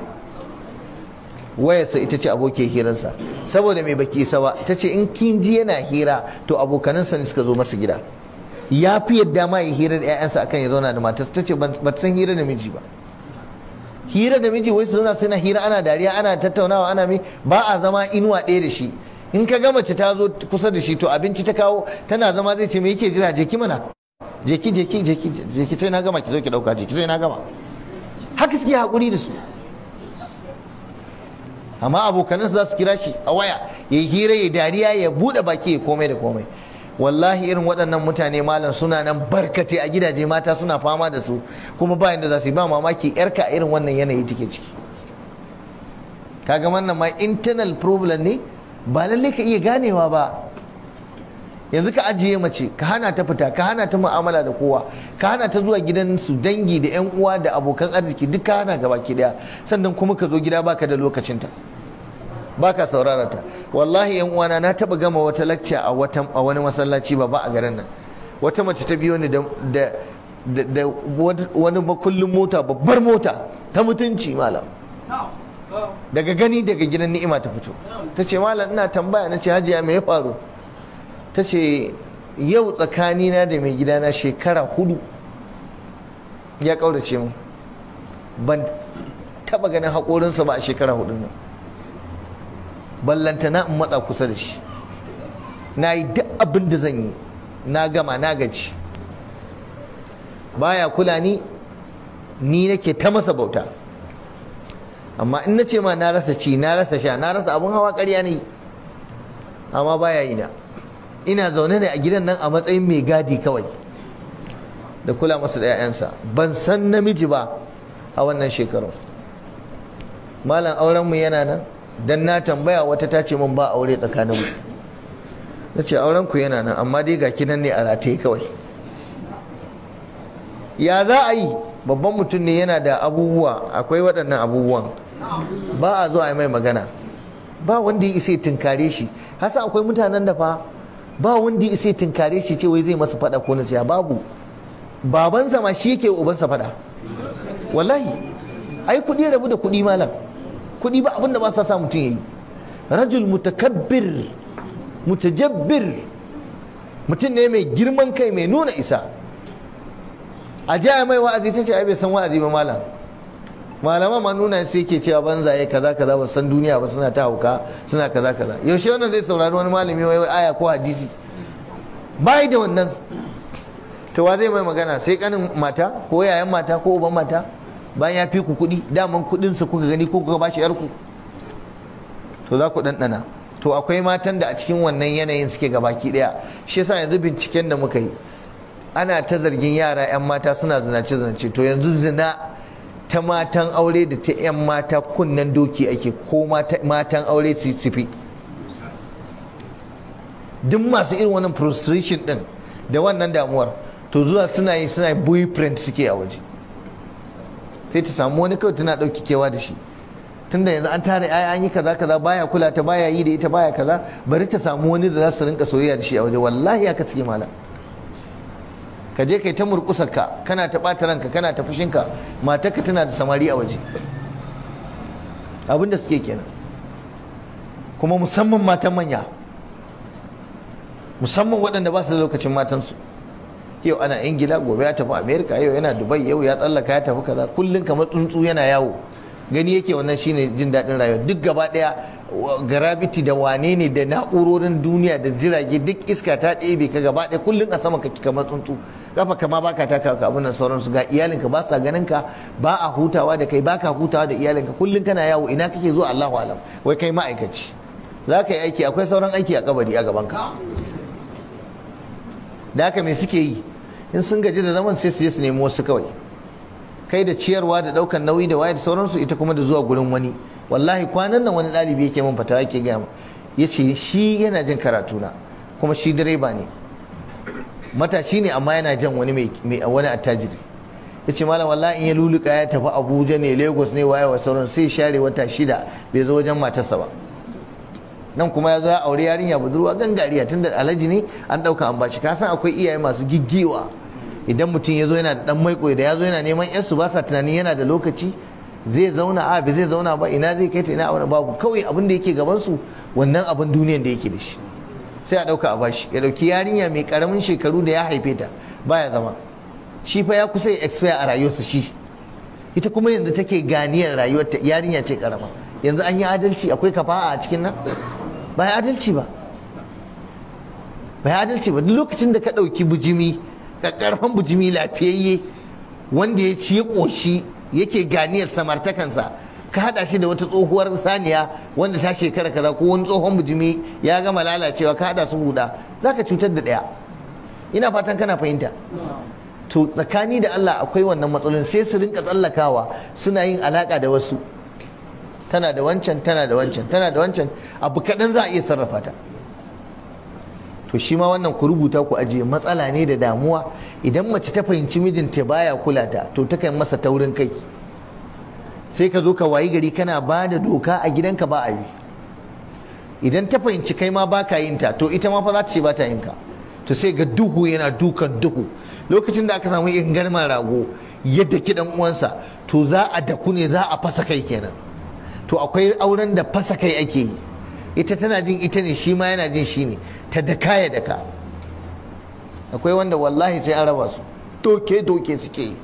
wayarsa ita ce abokin hirarsa saboda mai baki isa ba ta ce in kin ji yana hira to abokanansa ne suka zo masa gida ya fi yadda ma ya hira da 'ya'yansa akan ya zauna da matarsa ta ce ba ta san hira da miji ba hira da miji wai su zauna suna hira ana dariya ana tattaunawa ana mi ba a zama inuwa ɗaya da shi in ka ga mace ta zo kusa da shi to abinci ta kawo tana zama zai ce me yake jira jeki mana jeki jeki jeki jeki sai na gama ki zo ki dauka jeki sai na gama haka suke hakuri da su amma abokanan za su kira shi a waya ya hira ya dariya ya bude baki ya komai da komai wallahi irin waɗannan mutane malam suna nan barkate a gidaje mata suna fama da su kuma ba yadda za su yi ba mamaki yarka a irin wannan yanayi take ciki Ka kaga wannan ma internal problem ne ba lallai ka iya ganewa ba yanzu ka ajiye mace ka hana ta fita ka hana ta mu'amala da kowa ka hana ta zuwa gidan su dangi da 'yan uwa da abokan arziki duk ka hana gaba ki daya sannan kuma ka zo gida baka da lokacinta baka saurara ta wallahi yan uwana na taba gama wata lakca a wata a wani masallaci ba ba a garin nan wata mace ta biyo ni da da wani makullin mota babbar mota ta mutunci malam daga gani daga gidan ni'ima ta fito ta ce malam ina tambaya na ce hajiya me ya faru ta ce yau tsakanina da mai gidana shekara hudu ya kaurace mu ban taba ganin haƙorinsa ba a shekara hudun nan ballantana in matsa kusa da shi na yi duk abin da zan yi na gama na gaji baya kula ni ni nake ta masa bauta amma in na ce ma na rasa ci na rasa sha na rasa abun hawa karya ne amma baya ina ina zaune ne a gidan nan a matsayin mai gadi kawai da kula masa da 'ya'yansa ban san namiji ba a wannan shekarun malam mu yana nan dan na tambaya wata ta ce mun ba aure tsakanin mu na ce auren ku yana nan amma dai ga nan ne a rataye kawai ya za a yi babban mutum ne yana da abubuwa akwai waɗannan abubuwan ba a zuwa mai magana ba wanda ya isa tunkare shi hasa akwai mutanen da fa ba wanda ya isa tunkare shi ce wai zai masa fada ko na siya babu babansa ma shi yake ubansa fada wallahi ai kuɗi rabu da kuɗi malam kuɗi ba abinda ba sa sa mutum ya yayi rajul mutakabbir mutajabbir mutum ne mai girman kai mai nuna isa a ja mai wa'azi ta ce ai bai san wa'azi ba malam malama ma nuna sai yake cewa banza ya kaza kaza ba san duniya ba suna ta hauka suna kaza kaza yaushe wannan zai saurari wani malami wai aya ko hadisi bai da wannan to wa zai mai magana sai kanin mata ko yayan mata ko uban mata bayan ya fi ku kuɗi daman su kuka gani ko kuka shi yarku to za ku ɗanɗana to akwai matan da a cikin wannan yanayin suke gabaki ɗaya shi yasa yanzu binciken da muka yi ana ta zargin yara 'yan mata suna zinace zinace to yanzu zina ta matan aure da ta 'yan mata kunnen doki ake ko matan aure su sifi duk masu irin wannan prostration din da wannan damuwar to zuwa suna yi suna boyfriend suke a waje sai ta samu wani kawai tana ɗauki kewa da shi tunda yanzu an tare ai an yi kaza kaza baya kula ta baya yi da ita baya kaza bari ta samu wani da za su rinka soyayya da shi a waje wallahi aka suke malam. ka je kai ta murkusar ka kana ta ɓata ranka kana ta fushinka matarka tana da samari a waje abinda suke kenan kuma musamman matan manya musamman waɗanda ba su da lokacin matansu yau ana ingila gobe ya tafi Amerika yau yana dubai yau ya tsallaka ya tafi kaza kullum kamar tsuntsu yana yawo gani yake wannan shine jin daɗin rayuwa duk gaba ɗaya gravity da wane ne da na'urorin duniya da jirage duk iska ta ɗebe ka gaba ɗaya kullum a sama kake kamar tsuntsu kafa kama baka taka ka abin sauransu ga iyalinka ba sa ganin ka ba a hutawa da kai ba ka hutawa da iyalinka kullum kana yawo ina kake zuwa Allahu alam wai kai ma'aikaci za ka yi aiki akwai sauran aiki a kabari a gaban ka da haka me suke yi in sun gaji da zaman sai su je su nemi wasu kawai kai da ciyarwa da daukan nauyi da waye da sauransu ita kuma da zuwa gurin wani wallahi kwanan nan wani dalibi yake min fata yake gaya ya ce shi yana jin karatu na kuma shi direba ne matashi ne amma yana jan wani mai wani attajiri ya ce malam wallahi in ya luluka ya tafi abuja ne lagos ne waye wa sauran sai share wata shida bai zo wajen matarsa ba nan kuma ya zo ya aure yarinya budurwa gangariya tunda alhaji ne an ɗauka an bashi ka akwai iyaye masu giggiwa idan mutum ya zo yana da dan koyi da ya zo yana neman yan su ba sa tunanin yana da lokaci zai zauna a bai zai zauna ba ina zai kai ta ina abin babu kawai abin da yake gaban su wannan abin duniyan da yake da shi sai a dauka a bashi ya dauki yarinya mai karamin shekaru da ya haife ta baya zama shi fa ya kusa ya expire a rayuwarsa shi ita kuma yanzu take ganiyar rayuwarta yarinya ce karama yanzu an yi adalci akwai kafa'a a cikin nan ba adalci ba ba adalci ba duk lokacin da ka dauki bujimi ƙarfan bujimi lafiyayye wanda ya ci ya ƙoshi yake ganiyar samartakansa ka hada shi da wata tsohuwar saniya wanda ta shekara kaza ko wani tsohon bujimi ya gama lalacewa ka hada su huda za ka cutar da ɗaya ina fatan kana fahimta to tsakani da Allah akwai wannan matsalolin sai su rinka tsallakawa suna yin alaka da wasu tana da wancan tana da wancan tana da wancan abu kaɗan za a iya sarrafa ta to shi ma wannan ku rubuta ku ajiye matsala ne da damuwa idan mace ta fahimci mijinta baya kula ta to ta kai masa taurin kai sai ka zo ka wayi gari kana ba da doka a gidanka ba a yi idan ta fahimci kai ma baka yin ta to ita ma fa za ta ce ba ta yin ka to sai ga duhu yana dukan duhu lokacin da aka samu irin garman rago yadda ki dan uwansa to za a daku ne za a fasa kai kenan to akwai auren da fasa kai ake yi ita tana jin ita ne shi ma yana jin shi ne ta daka ya daka akwai wanda wallahi sai an raba su doke doke suke yi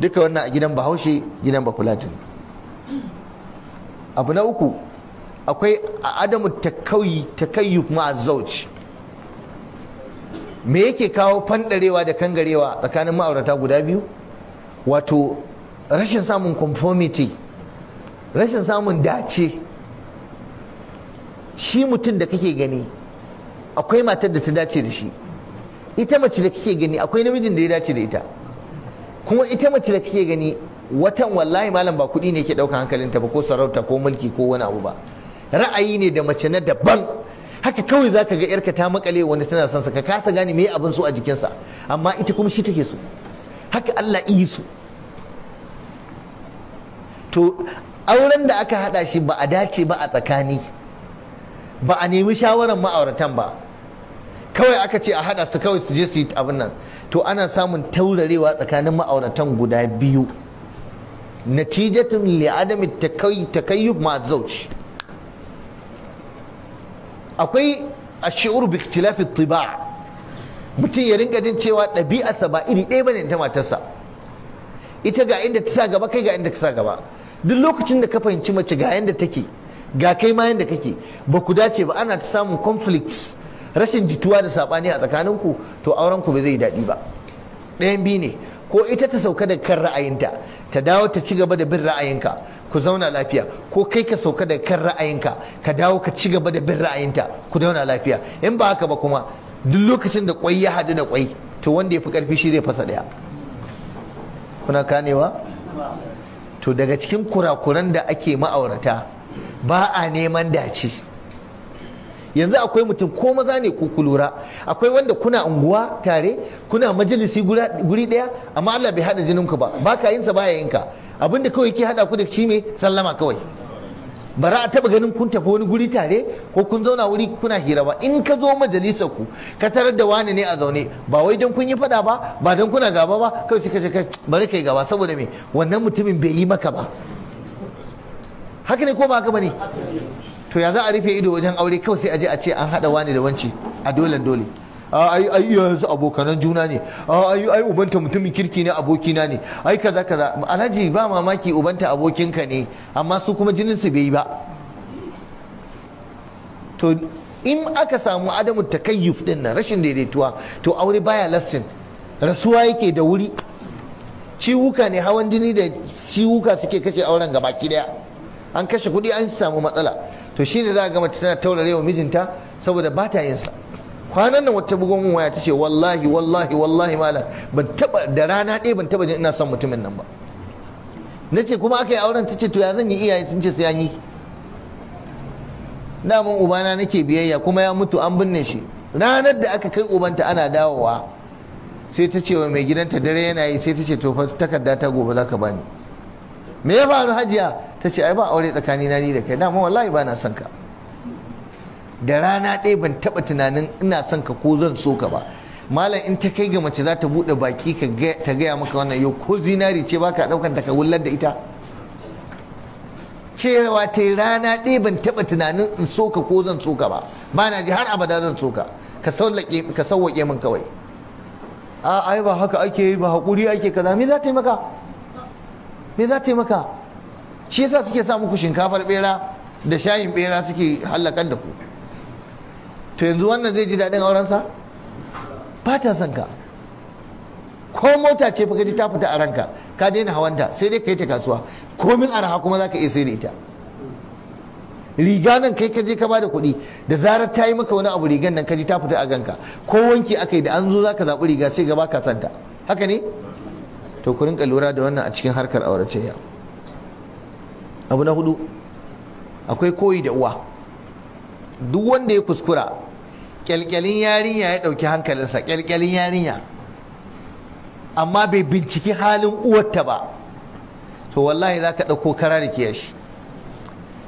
duka wannan a gidan bahaushe gidan bafulatin abu na uku akwai a adamu ta yi kuma a zauci me yake kawo fandarewa da kangarewa tsakanin ma'aurata guda biyu wato rashin samun conformity rashin samun dace shi mutum da kake gani akwai matar da ta dace da shi ita mace da kake gani akwai namijin da ya dace da ita kuma ita mace da kake gani watan wallahi malam ba kuɗi ne ke ɗauka hankalinta ba ko sarauta ko mulki ko wani abu ba ra'ayi ne da mace na daban haka kawai za ka ga yarka ta makale wanda tana son sa ka kasa gane me abin so a jikinsa amma ita kuma shi take so haka Allah yi su to auren da aka hada shi ba a dace ba a tsakani ba a nemi shawarar ma'auratan ba kawai aka ce a hada su kawai su je su yi abin nan to ana samun taurarewa tsakanin ma'auratan guda biyu natijatun li'adami takayyub ma zauci akwai ashi'ur bi ikhtilafi tiba mutum ya rinka jin cewa ɗabi'arsa ba iri ɗaya bane ta matarsa ita ga inda ta sa gaba kai ga inda ta sa gaba duk lokacin da ka fahimci mace ga yanda take ga kai ma yadda kake ba ku dace ba ana samun conflicts rashin jituwa da saɓani a tsakaninku to auren ku ba zai daɗi ba ɗayan biyu ne ko ita ta sauka da kan ra'ayinta ta dawo ta ci gaba da bin ra'ayinka ku zauna lafiya ko kai ka sauka da kan ra'ayinka ka dawo ka ci gaba da bin ra'ayinta ku zauna lafiya in ba haka ba kuma duk lokacin da kwai ya haɗu da kwai to wanda ya fi ƙarfi shi zai fasa ɗaya kuna kanewa to daga cikin kurakuran da ake ma'aurata ba a neman dace yanzu akwai mutum ko maza ne ko kulura akwai wanda kuna unguwa tare kuna majalisi guri daya amma Allah bai hada jininku ba ba ka yinsa baya yinka abinda kawai yake hada ku da shi me sallama kawai bara a taba ganin kun tafi wani guri tare ko kun zauna wuri kuna hira ba in ka zo majalisa ku ka tarar da wani ne a zaune ba wai don kun yi fada ba ba don kuna gaba ba kawai sai ka ce kai bari kai gaba saboda me wannan mutumin bai yi maka ba haka ne ko ba haka bane to ya za a rufe ido wajen aure kawai sai a je a ce an hada wani da wance a dole dole ai ai yanzu abokanan juna ne ai ai ubanta mutumin kirki ne abokina ne ai kaza kaza alhaji ba mamaki ubanta abokinka ne amma su kuma jinin su bai yi ba to in aka samu adamu takayyuf din nan rashin daidaituwa to aure baya lastin rasuwa yake da wuri ciwuka ne hawan jini da ciwuka suke kashe auren gaba ki daya an kashe kuɗi an samu matsala to shi shine za ga mace tana taurare wa mijinta saboda ba ta yin sa kwanan nan wata bugo mun waya ce wallahi wallahi wallahi malam ban taba da rana ɗaya ban taba jin ina son mutumin nan ba na ce kuma aka yi auren ce to ya zan yi iyaye sun ce sai an yi na ubana nake biyayya kuma ya mutu an binne shi ranar da aka kai ubanta ana dawowa sai ta ce wa mai gidanta dare yana yi sai ta ce to fa takarda ta gobe za ka bani me ya faru hajiya ta ce ai ba aure tsakani na ni da kai dama wallahi ba na son ka da rana ɗaya ban taɓa tunanin ina son ka ko zan so ka ba malam in ta kai ga mace za ta buɗe baki ta gaya maka wannan yau ko zinari ce baka ɗaukan ta ka wullar da ita cewa ta rana ɗaya ban taɓa tunanin in so ka ko zan so ka ba ba na ji har abada zan so ka ka sauwaƙe min kawai a ai ba haka ake yi ba haƙuri ake kaza me za ta yi maka me za ta yi maka shi yasa suke sa muku shinkafar bera da shayin bera suke hallakar da ku to yanzu wannan zai ji daɗin aurensa ba ta son ka ko mota ce fa ta fita a ranka ka daina hawanta sai dai ka ta kasuwa komin araha kuma za ka iya sai da ita riga nan kai ka je ka bada kuɗi da zarar ta yi maka wani abu rigan nan ka ji ta fita a ganka ko wanki aka yi da an zo za ka zaɓi riga sai gaba ka santa haka ne to ku rinka lura da wannan a cikin harkar auratayya abu na hudu akwai koyi da uwa duk wanda ya kuskura kyalkyalin yarinya ya dauki hankalinsa kyalkyalin yarinya amma bai binciki halin uwarta ba to wallahi za ka ɗauko kara da kiyashi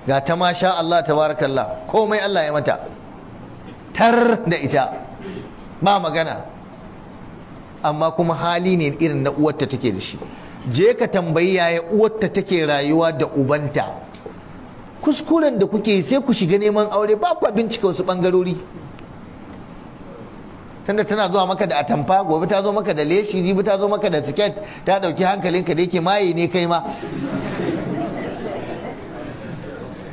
ga ta masha Allah ta tabarakallah komai Allah ya mata tar da ita ba magana amma kuma hali ne irin na uwarta take da shi je ka tambayi yaya uwarta take rayuwa da ubanta kuskuren da kuke sai ku shiga neman aure ba ku bincika wasu bangarori tunda tana zuwa maka da atamfa gobe ta zo maka da leshi jibi ta zo maka da siket ta dauki hankalinka da yake maye ne kai ma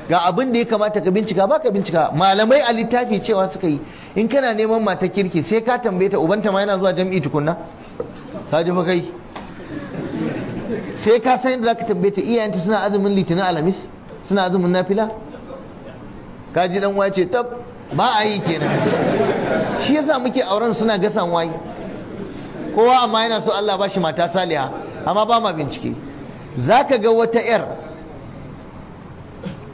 ga abin da ya kamata ka bincika ba ka bincika malamai a littafi cewa suka yi in kana neman mata kirki sai ka tambaye ta ubanta ma yana zuwa jam'i tukunna ka ji fa kai sai ka san yadda zaka tambaye ta iyayenta suna azumin litinin alamis suna azumin nafila ka ji dan wace ce tab ba a yi kenan shi yasa muke auren suna gasan waye kowa amma yana so Allah ba shi mata saliha amma ba ma bincike zaka ga wata yar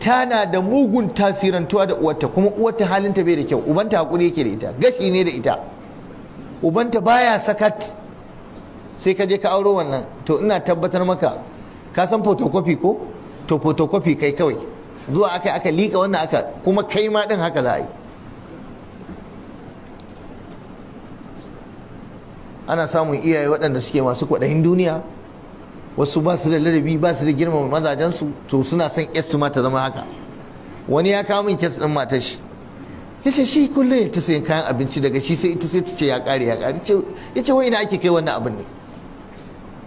tana da mugun tasirantuwa da uwarta kuma uwarta halinta bai da kyau ubanta hakuri yake da ita gashi ne da ita ubanta baya sakat sai ka je ka auro wannan to ina tabbatar maka ka san photocopy ko to photocopy kai kawai zuwa aka aka lika wannan aka kuma kai ma din haka za a yi ana samun iyaye waɗanda suke masu kwaɗayin duniya wasu ba su da ladabi ba su da girmama mazajensu to suna son yasu ma ta zama haka wani ya kawo min kes din matar shi ya ce shi kullum ya ta sayan kayan abinci daga shi sai ita sai ta ce ya kare ya kare ya ce wai ina ake kai wannan abin ne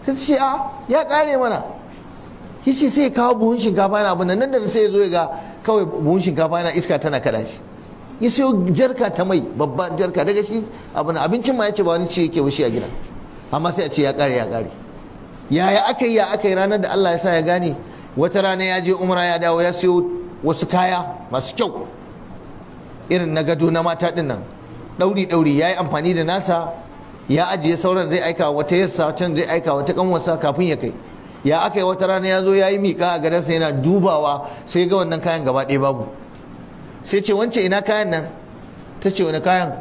sai ta ce a ya kare mana ya ce sai ya kawo buhun shinkafa na abin nan da sai ya zo ya ga kawai buhun shinkafa na iska tana kada shi ya siyo jarka ta mai babban jarka daga shi abin abincin ma ya ce ba wani ce yake ba shi a gidan amma sai a ce ya kare ya kare yaya aka yi ya aka yi ranar da Allah ya sa ya gane wata rana ya je umra ya dawo ya siyo wasu kaya masu kyau irin na gado na mata din nan dauri dauri ya amfani da nasa ya ajiye sauran zai aika wata yarsa can zai aika wata kanwarsa kafin ya kai ya aka yi wata rana ya zo ya yi miƙa a gadansa yana dubawa sai ga wannan kayan gaba ɗaya babu sai ce wance ina kayan nan ta ce wani kayan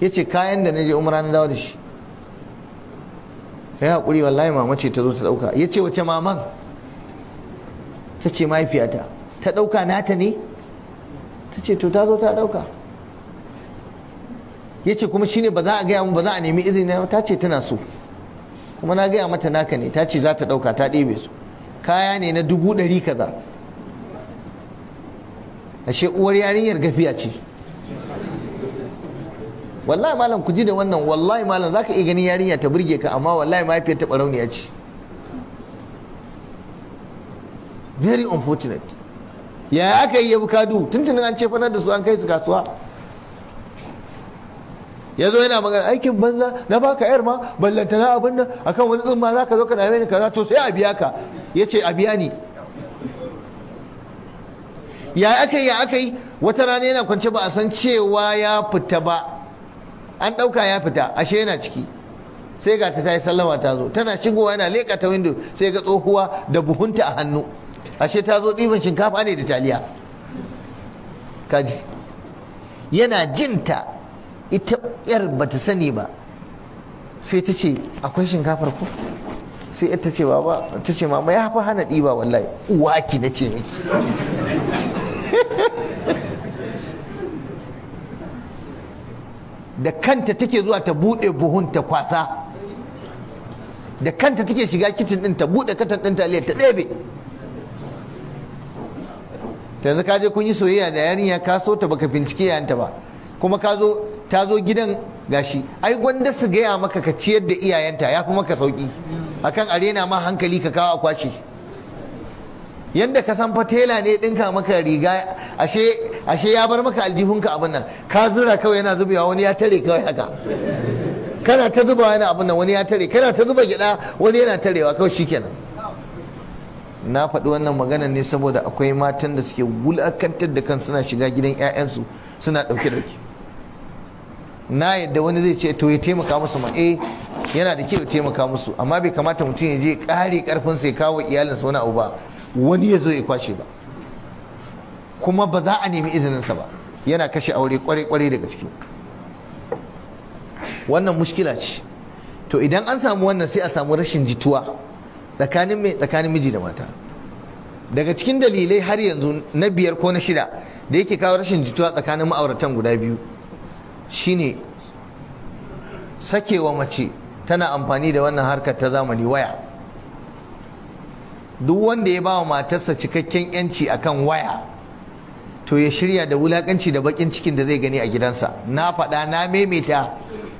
ya ce kayan da na je umra na dawo da shi kai hakuri wallahi mama ce ta zo ta dauka ce wace maman ta ce mahaifiyata ta dauka nata ne ta ce to ta zo ta dauka ce kuma shine ba za a gaya ba za a nemi izini ta ce tana so kuma na gaya mata naka ne ta ce za ta dauka ta ɗebe su kaya ne na dubu ɗari kaza ashe uwar yarinyar gafiya ce wallahi malam ku ji da wannan wallahi malam zaka iya gani yarinya ta burge ka amma wallahi mahaifiyar ta barauniya ce very unfortunate ya aka yi ya bukadu tuntunin an ce fanar da su an kai su kasuwa ya zo yana magana aikin banza na baka yar ma ballanta na abin nan akan wani tsin ma zaka zo ka dame ni kaza to sai a biya ka ce a biya ni ya aka yi ya aka yi wata rana yana kwance ba a san cewa ya fita ba an ɗauka ya fita ashe yana ciki sai ga ta yi sallama ta zo tana shigowa yana leƙa ta windo sai ga tsohuwa da buhunta a hannu ashe ta zo ɗiban shinkafa ne da taliya kaji yana jinta ita yar bata sani ba sai ta ce akwai shinkafar ku sai ta ce baba ta ce mama ya fi hana ɗiba wallahi uwa ki na ce miki da kanta take zuwa ta buɗe buhun ta kwasa da kanta take shiga kicin ɗin ta buɗe katan ɗin taliyar ta ɗebe yanzu ka je kun yi soyayya da yarinya ka so ta baka bincike yayanta ba kuma ka zo ta zo gidan gashi ai gwanda su gaya maka ka ciyar da iyayenta ya fi maka sauki akan arena ma hankali ka kawo akwashi yadda ka san fatela ne dinka maka riga ashe ya bar maka aljihunka abin nan ka zura kawai yana zubewa wani ya tare kawai haka kana ta zuba wani abin nan wani ya tare kana ta zuba gida wani yana tarewa kawai shikenan na faɗi wannan magana ne saboda akwai matan da suke wulakantar da kan suna shiga gidan ƴaƴansu suna ɗauke da na yadda wani zai ce to ya taimaka musu ma eh yana da kyau taimaka musu amma bai kamata mutum ya je ƙare ƙarfin sai kawo iyalinsa wani abu ba wani ya zo ya kwashe ba kuma ba za a nemi izininsa ba yana kashe aure kwarai-kwarai daga ciki wannan mushkila ce to idan an samu wannan sai a samu rashin jituwa tsakanin tsakanin miji da mata daga cikin dalilai har yanzu na biyar ko na shida da yake kawo rashin jituwa tsakanin ma'auratan guda biyu shine sakewa mace tana amfani da wannan harkar ta zamani waya duk wanda ya ba wa matarsa cikakken yanci akan waya to ya shirya da wulakanci da bakin cikin da zai gani a gidansa na faɗa na maimaita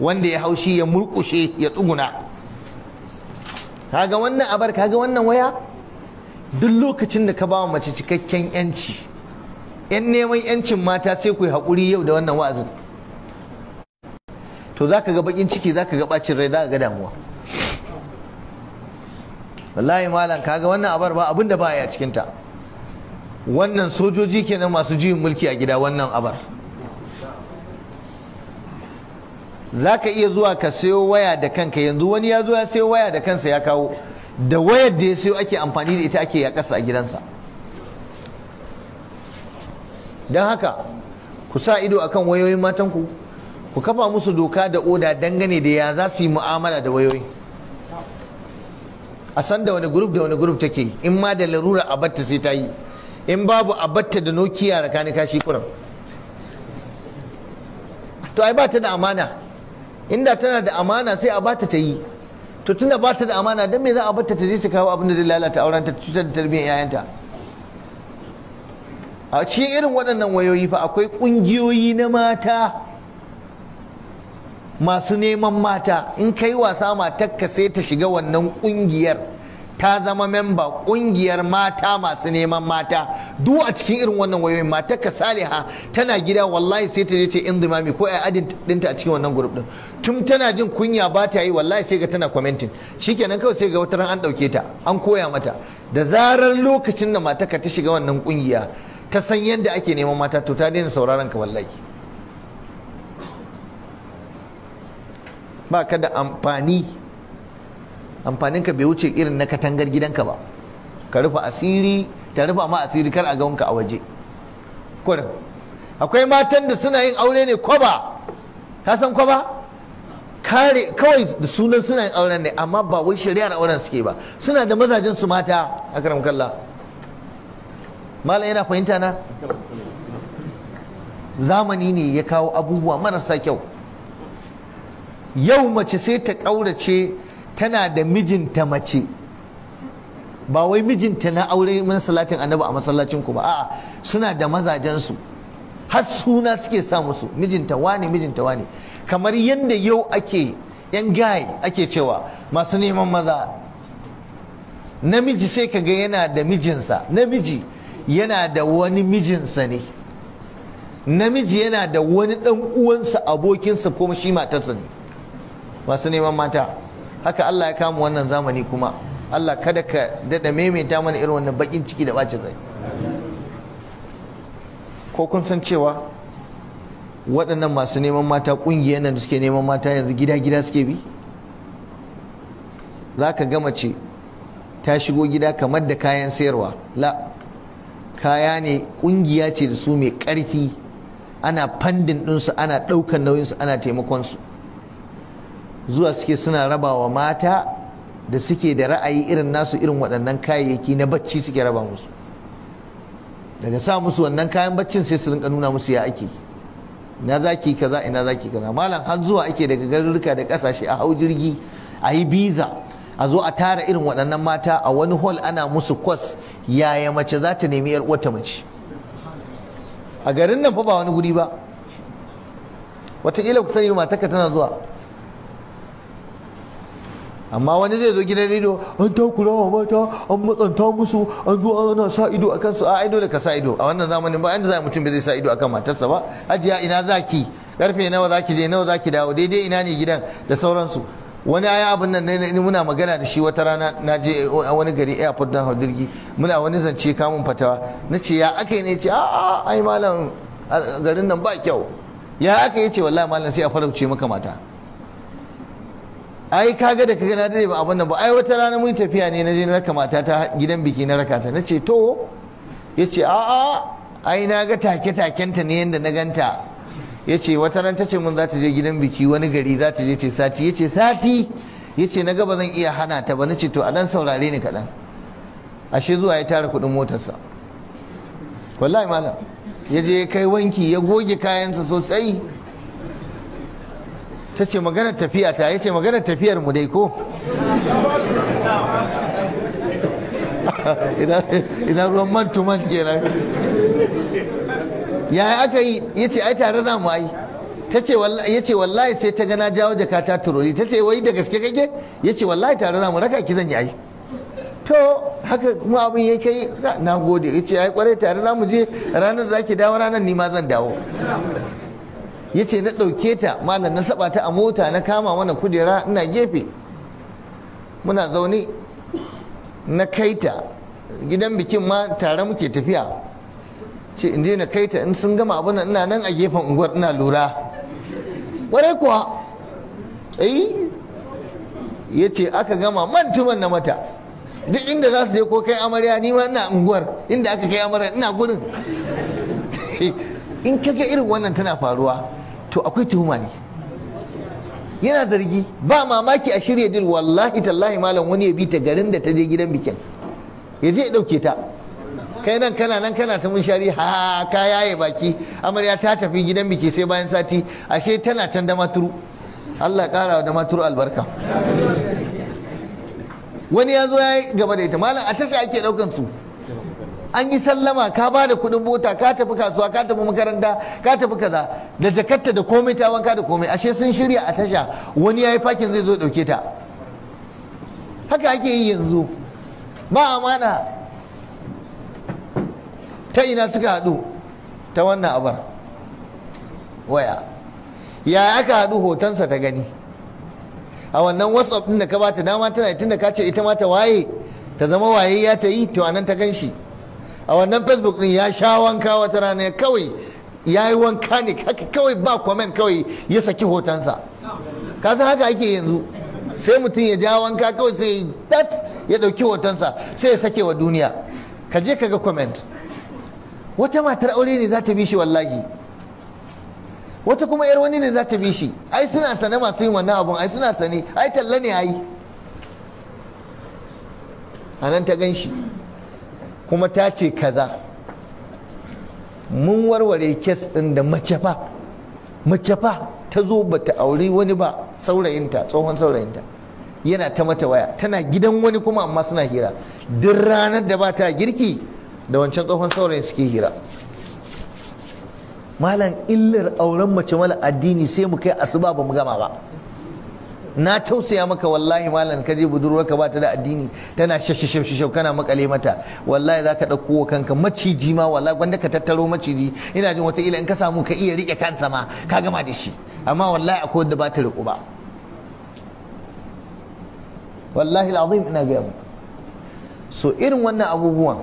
wanda ya haushi ya murkushe ya tsuguna kaga wannan abar kaga wannan waya duk lokacin da ka ba wa mace cikakken yanci yan neman yancin mata sai ku yi haƙuri yau da wannan wa'azin to za ka ga bakin ciki za ka ga ɓacin rai za ka ga damuwa wallahi malam kaga wannan abar ba abinda ba ya cikin ta wannan sojoji kenan masu juyin mulki a gida wannan abar zaka iya zuwa ka sayo waya da kanka yanzu wani ya zo ya sayo waya da kansa ya kawo da wayar da ya sayo ake amfani da ita ake yakarsa a gidansa don haka ku sa ido akan wayoyin matanku ku kafa musu doka da oda dangane da ya za su yi mu'amala da wayoyin a san da wani group da wani group take in ma da larura a batta sai ta yi in babu a batta da nokiya da kani kashi kuran to ai ba ta da amana inda tana da amana sai a bata ta yi to tunda ba ta da amana don me za a bata ta je ta kawo abin da zai lalata auren ta cutar da tarbiyyar yayanta a cikin irin waɗannan wayoyi fa akwai ƙungiyoyi na mata masu neman mata in kai wasa matakka sai ta shiga wannan kungiyar ta zama memba kungiyar mata masu neman mata duk a cikin irin wannan wayoyin matakka saliha tana gida wallahi sai ta je ta indimami ko ai adin dinta a cikin wannan group din tun tana jin kunya ba ta yi wallahi sai ga tana commenting shikenan kawai sai ga wata ran an dauke ta an koya mata da zarar lokacin da matakka ta shiga wannan kungiya ta san yadda ake neman mata to ta daina sauraron ka wallahi ba ka da amfani amfaninka bai wuce irin na katangar gidanka ba ka rufe asiri ta rufe ma asiri kar a wanka a waje kurin akwai matan da suna yin aure ne kwaba ka san kwaba kare kawai da sunan suna yin auren ne amma ba wai shari'ar auren suke ba suna da mazajen su mata a karam kalla malam yana fahimta na zamani ne ya kawo abubuwa marasa kyau yau mace sai ta ƙaurace tana da mijinta mace ba wai mijinta na aure mana salatin annabi a masallacin ku ba a'a suna da mazajensu har suna suke sa musu mijinta wane mijinta wane kamar yadda yau ake yan gaye ake cewa masu neman maza namiji sai ka ga yana da mijinsa namiji yana da wani mijinsa ne namiji yana da wani ɗan uwansa abokinsa kuma shi matarsa ne masu neman mata haka Allah ya kama wannan zamani kuma Allah kada ka daɗa maimaita mana irin wannan baƙin ciki da ɓacin rai ko kun san cewa waɗannan masu neman mata ƙungiyar nan da suke neman mata yanzu gida-gida suke bi za ka gama ce ta shigo gida kamar da kayan sayarwa la kaya ne ƙungiya ce da su mai ƙarfi ana fandin ɗinsu ana ɗaukar nauyinsu ana taimakonsu zuwa suke suna rabawa mata da suke da ra'ayi irin nasu irin waɗannan kayayyaki na bacci suke raba musu daga sa musu wannan kayan baccin sai su rinka nuna musu ya ake na zaki kaza ina zaki kaza malam har zuwa ake daga garuruka da kasashe a hau jirgi a yi biza a zo a tara irin waɗannan mata a wani hall ana musu kwas yaya mace za ta nemi yar uwarta mace a garin nan fa ba wani guri ba wataƙila ku sani matarka tana zuwa amma wani zai zo gidan rediyo an takura wa mata an matsanta musu an zo ana sa ido a kansu a ido da ka sa ido a wannan zamanin ba inda za mutum bai zai sa ido akan matarsa ba ajiya ina zaki karfe nawa zaki je nawa zaki dawo daidai ina ne gidan da sauransu wani aya abin nan ne muna magana da shi wata rana na je wani gari airport don hadirgi muna wani zance kamun fatawa na ce ya aka yi ne ce a ai malam garin nan ba kyau ya aka yi ce wallahi malam sai a farauce maka mata ai kaga da kaga na dare ba abin nan ba ai wata rana mun tafiya ne na je na raka mata ta gidan biki na raka ta nace to yace a a ai na ga take takenta ne yanda na ganta yace wata ran tace mun za ta je gidan biki wani gari za ta je ce sati yace sati yace na ga ba zan iya hana ta ba nace to a dan saurare ni kadan ashe zuwa ya tara kudin motarsa wallahi malam ya je kai wanki ya goge kayansa sosai ta ce maganar tafiya ta ya ce maganar tafiyar mu dai ko ina ruwan man to man kenan yaya aka yi ya ce ai tare za mu ai ta ce ya ce wallahi sai ta gana jawo jaka ta turori ta ce wai da gaske kake ya ce wallahi tare za mu raka ki zan yi ai to haka kuma abin ya kai na gode ya ce ai kwarai tare za mu je ranar zaki dawo ranar ni ma zan dawo ya ce na ɗauke ta malam na saba ta a mota na kama mana kujera ina gefe muna zaune na kaita gidan bikin ma tare muke tafiya ce in je na kaita in sun gama abin ina nan a gefen unguwar ina lura ware kuwa eh ya ce aka gama mantuman na mata duk inda za su je ko kai amarya ni ma ina unguwar inda aka kai amarya ina gudun in kaga irin wannan tana faruwa to akwai tuhuma ne yana zargi ba mamaki a shirya dil wallahi tallahi malam wani ya bi ta garin da ta je gidan bikin ya je ya dauke ta kai nan kana nan kana ta munshari ha ka yaye baki amarya ta tafi gidan biki sai bayan sati ashe tana can da maturu Allah kara da maturu albarka wani ya zo ya gaba da ita malam a tasha ake daukan su an yi sallama ka ba da kuɗin mota ka tafi kasuwa ka tafi makaranta ka tafi kaza da jakarta da komai ta wanka da komai ashe sun shirya a tasha wani ya yi fakin zai zo ɗauke ta haka ake yi yanzu ba amana ta ina suka haɗu ta wannan abar waya ya aka haɗu hotonsa ta gani a wannan whatsapp ɗin da ka ba ta dama tana tun da ka ce ita ma ta waye ta zama waye ya ta yi to anan ta gan shi a wannan facebook din ya sha wanka wata rana kawai ya yi wanka ne kawai ba comment kawai ya saki hotonsa ka haka ake yanzu sai mutum ya ja wanka kawai sai ya ɗauki hotonsa sai ya sake wa duniya ka je ka ga comment wata matar aure ne za ta bi shi wallahi wata kuma yar wani ne za ta bi shi ai suna sane masu yin wannan abun ai suna sane ai talla ne ai a nan ta gan shi kuma ta ce kaza mun warware kes ɗin da mace fa mace fa ta zo ba ta auri wani ba saurayinta tsohon saurayinta yana ta mata waya tana gidan wani kuma amma suna hira duk ranar da ba ta girki da wancan tsohon saurayin suke hira malam illar auren mace mala addini sai mu kai asuba ba mu gama ba na tausaya maka wallahi malam kaje budurwarka ba ta da addini tana shashashashashau kana makale mata wallahi zaka dauko kanka maciji ma wallahi wanda ka tattaro maciji ina jin wata ila in ka samu ka iya rike kansa ma ka gama da shi amma wallahi akwai wanda ba ta riƙo ba wallahi alazim ina ga muku so irin wannan abubuwan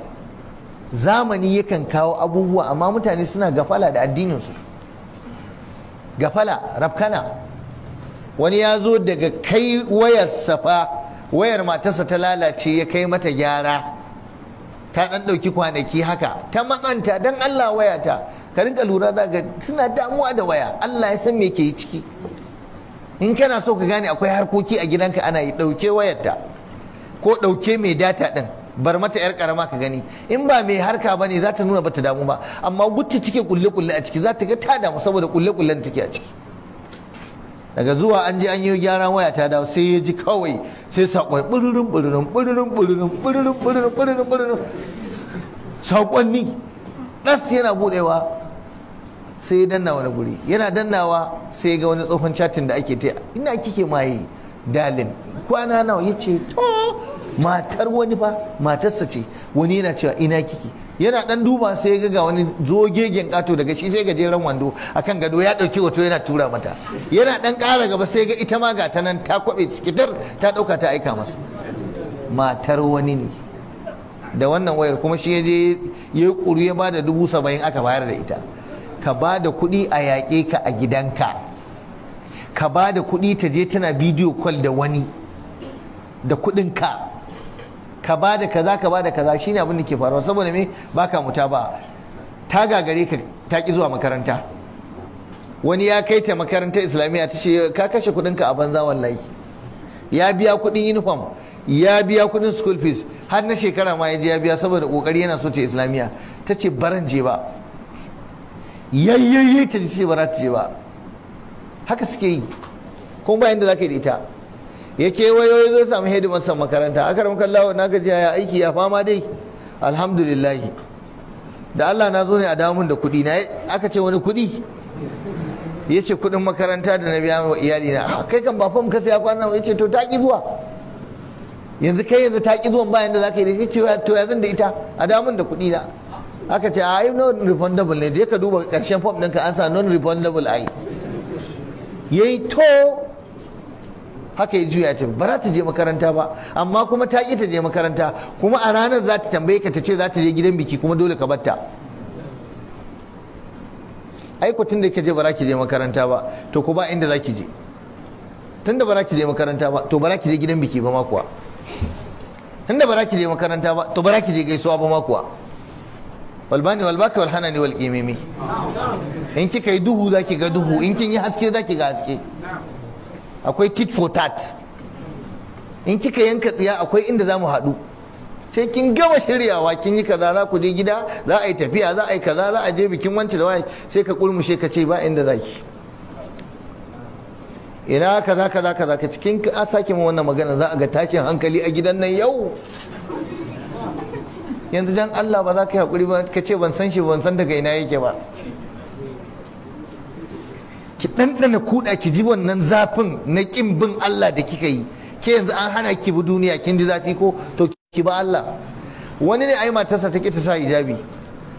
zamani yakan kawo abubuwa amma mutane suna gafala da addininsu gafala rafkana wani ya zo daga kai wayar safa wayar matarsa ta lalace ya kai mata gyara ta dan dauki kwanaki haka ta matsanta don Allah wayata ka rinka lura za ga suna damuwa da waya Allah ya san me ke ciki in kana so ka gane akwai harkoki a gidanka ana yi ɗauke wayarta ko ɗauke mai data ɗin bar mata yar karama ka gani in ba mai harka ba ne za ta nuna ba ta damu ba amma gutti cike kulle-kulle a ciki za ta ga ta damu saboda kulle-kullen take a ciki daga zuwa an je an yi gyaran waya ta dawo sai ya ji kawai sai saƙon bururun bururun bururun bururun. ɓuririn ɓuririn saƙon ni ɗas yana buɗewa sai ya danna wani guri yana dannawa sai ga wani tsohon chatin da ake ta ina kike maye dalin kwana nawa ya ce to matar wani ba matarsa ce wani yana cewa ina kike yana dan duba sai ya ga wani zogegen kato daga shi sai gajeren wando akan gado ya dauki wato yana tura mata yana dan kara gaba sai ga ita ma ga ta nan ta kwabe cikitar ta dauka ta aika masa matar wani ne da wannan wayar kuma shi je ya kuru ya bada dubu saba'in aka bayar da ita ka bada da kuɗi a yaƙe ka a gidanka ka ba da kuɗi ta je tana bidiyo kwal da wani da kuɗinka ka ka ba da kaza ka ba da kaza shine abin da ke faruwa saboda me baka muta ba ta gagare ka ta ki zuwa makaranta wani ya kai ta makarantar islamiyya ta ce ka kashe kuɗin ka a banza wallahi ya biya kuɗin uniform ya biya kuɗin school fees har na shekara ma ya je ya biya saboda kokari yana so ta islamiyya ta ce baran je ba yayyayye ta ce ba za ta je ba haka suke yi kuma bayan da za ka yi da ita ya kewayo ya zo samu hidimarsa makaranta aka ramka kallawa oh, na gaji ya aiki ya fama dai alhamdulillah da Allah na zo ne a damun da kuɗi na aka ce wani kuɗi ya ce kuɗin makaranta da na biya wa iyali na ah, kai kan ba fam ka ya kwana ya ce to ta ki zuwa yanzu kai yanzu ta ki zuwan bayan da za ka yi da ce to ya zan da ita a damun da kuɗi na aka ce ah, ai non refundable ne da ya ka duba ƙarshen fom ɗinka an sa non refundable ai yayi to haka ya juya ta ba za ta je makaranta ba amma kuma ta ƙi ta je makaranta kuma a ranar za ta tambaye ka ta ce za ta je gidan biki kuma dole ka batta ai ku tunda je ba za ki je makaranta ba to ku ba inda za ki je tunda ba za ki je makaranta ba to ba za ki je gidan biki ba ma kuwa tunda ba za ki je makaranta ba to ba za ki je gaisuwa ba ma kuwa walbani walbaka walhanani walqimimi in kika yi duhu za ki ga duhu in kin yi haske za ki ga haske akwai tit for tat in kika yanka tsiya akwai inda za mu haɗu sai kin gama shiryawa kin yi kaza za ku je gida za a yi tafiya za a yi kaza za a je bikin wancan da sai ka kulmushe ka ce ba inda za ki ina kaza kaza kaza ka cikin ka sake mu wannan magana za a ga tashin hankali a gidan nan yau yanzu dan Allah ba za ka yi hakuri ba ka ce ban san shi ban san daga ina yake ba ki ɗanɗana kuɗa ki ji wannan zafin na ƙin bin Allah da kika yi ke yanzu an hana ki bi duniya kin ji zafi ko to ki ba Allah wani ne ai matarsa ta ki ta sa hijabi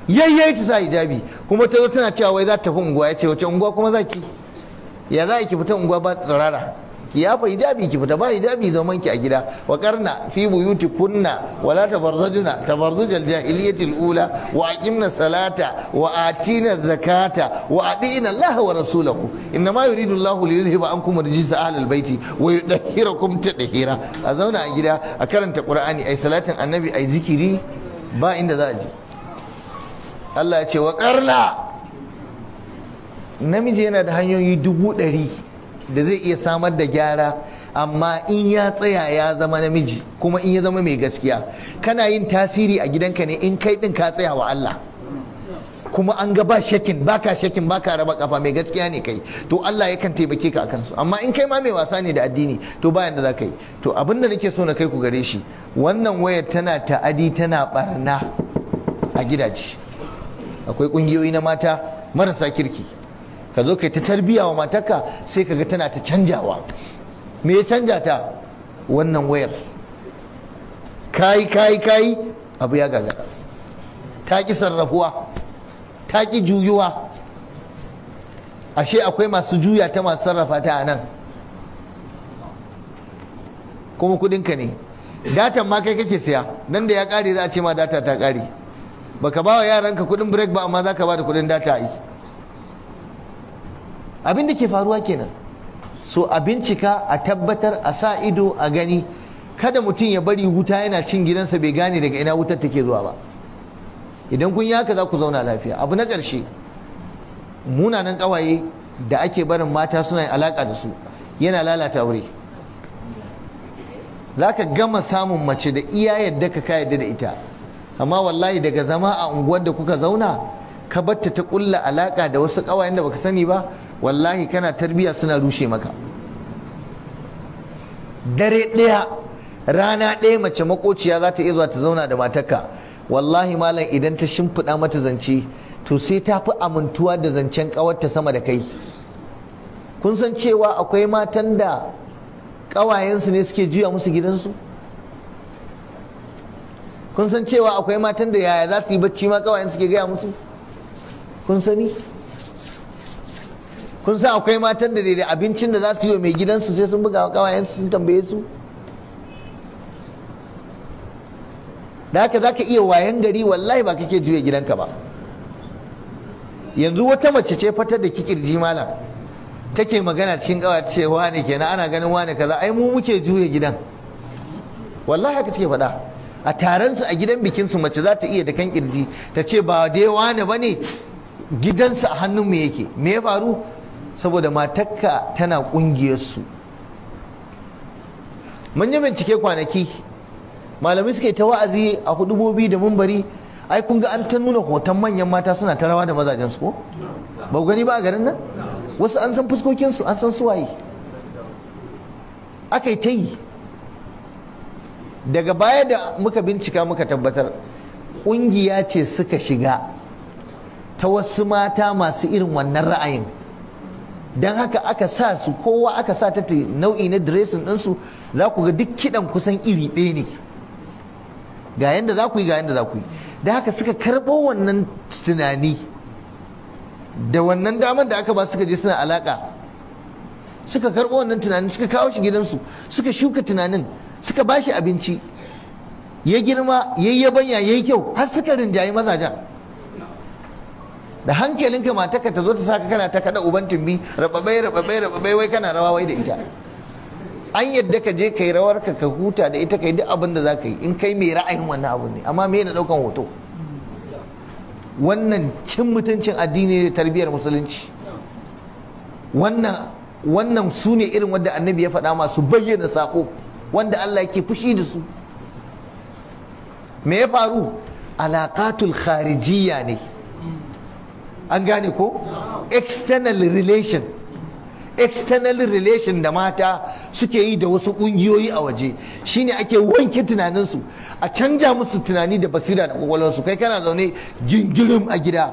yayyai ta sa hijabi kuma ta zo tana cewa wai za ta fi unguwa ya ce wace unguwa kuma za ki ya za ki fita unguwa ba tsirara ki yafa hijabi ki fita ba hijabi zaman ki a gida wa karna fi buyuti kunna wa la tabarzajuna tabarzujal jahiliyatil ula wa aqimna salata wa atina zakata wa adina Allah wa rasulahu inna ma yuridu Allah li yuzhiba ankum rijsa ahlal baiti wa yudahhirakum tadhira a zauna a gida a karanta qur'ani ai salatin annabi ai zikiri ba inda za a Allah ce wa karna namiji yana da hanyoyi dubu ɗari da zai iya samar da gyara amma in ya tsaya ya zama namiji kuma in ya zama mai gaskiya kana yin tasiri a gidanka ne in kai din ka tsaya wa Allah kuma an ga ba shakin baka shakin baka raba kafa mai gaskiya ne kai to Allah yakan taimake ka akan su amma in kai ma mai wasa ne da addini to ba yanda za ka yi to abin da nake so na kai ku gare shi wannan wayar tana ta'adi tana barna a gidaje akwai kungiyoyi na mata marasa kirki ka zo ka yi ta tarbiya wa matarka sai ka ga tana ta canjawa me ya canja ta wannan wayar kayi kayi kayi abu ya gagara ta ki sarrafuwa ta ki juyuwa ashe akwai masu juya ta masu sarrafa ta a nan kuma kudinka ne datan ma kai kake siya nan da ya kare za a ce ma data ta kare baka ba wa yaranka kudin break ba amma za ka ba da kudin data yi abin da ke faruwa kenan so a bincika a tabbatar a sa ido a gani kada mutum ya bari wuta yana cin gidansa bai gane daga ina wutar take zuwa ba idan kun yi haka za ku zauna lafiya abu na ƙarshe munanan ƙawaye da ake barin mata suna yin alaƙa da su yana lalata wuri. za ka gama samun mace da iya yadda ka yadda da ita amma wallahi daga zama a unguwar da kuka zauna ka batta ta ƙulla alaƙa da wasu ƙawayen da baka sani ba wallahi kana tarbiya suna rushe maka dare ɗaya rana ɗaya mace makociya za ta iya zuwa ta zauna da matarka wallahi malam idan ta shimfiɗa mata zance to sai ta fi amintuwa da zancen ƙawarta sama da kai kun san cewa akwai matan da ƙawayensu ne suke juya musu gidansu kun san cewa akwai matan da yaya za su yi bacci ma ƙawayen suke gaya musu kun sani kun san akwai matan da daidai abincin da za su yi wa mai gidansu sai sun buga su sun tambaye su da haka za ka iya wayan gari wallahi ba kake juya gidanka ba yanzu wata mace ce fatar da kikirji malam take magana cikin kawai ce wane kenan ana ganin wane kaza ai mu muke juya gidan wallahi haka suke faɗa a taron a gidan bikinsu mace za ta iya da kan kirji ta ce ba dai wane bane gidansa a hannun mu yake me ya faru saboda matakka tana ƙungiyarsu mun yi bincike kwanaki malamai suke ta wa'azi a hudubobi da mumbari ai kun ga an ta nuna hoton manyan mata suna ta rawa da mazajen su ko ba gani ba a garin nan wasu an san fuskokin su an san suwaye aka yi ta yi daga baya da muka bincika muka tabbatar ƙungiya ce suka shiga ta wasu mata masu irin wannan ra'ayin don haka aka sa su kowa aka sa ta nau'i na dressing ɗinsu za ku ga duk kiɗan kusan iri ɗaya ne ga yadda za ku yi ga yadda za ku yi da haka suka karɓo wannan tunani da wannan damar da aka ba suka je suna alaƙa suka karɓo wannan tunanin suka kawo shi gidansu suka shuka tunanin suka ba shi abinci ya girma ya yi yabanya ya yi kyau har suka rinjayi mazajen da hankalinka matarka ta zo ta saka kana ta kada uban tumbi rababai rababai rababai wai kana rawa wai da ita an yadda ka je kai rawar ka ka huta da ita kai duk abin da ka yi in kai mai ra'ayin wannan abun ne amma me na daukan hoto wannan cin mutuncin addini da tarbiyar musulunci wannan wannan su ne irin wanda annabi ya faɗa masu bayyana sako wanda Allah yake fushi da su me ya faru alaqatul kharijiyya ne an gane ko external relation external relation da mata suke yi da wasu kungiyoyi a waje shine ake wanke tunaninsu a canja musu tunani da basira da kwakwalwarsu kai kana zaune gingirim a gida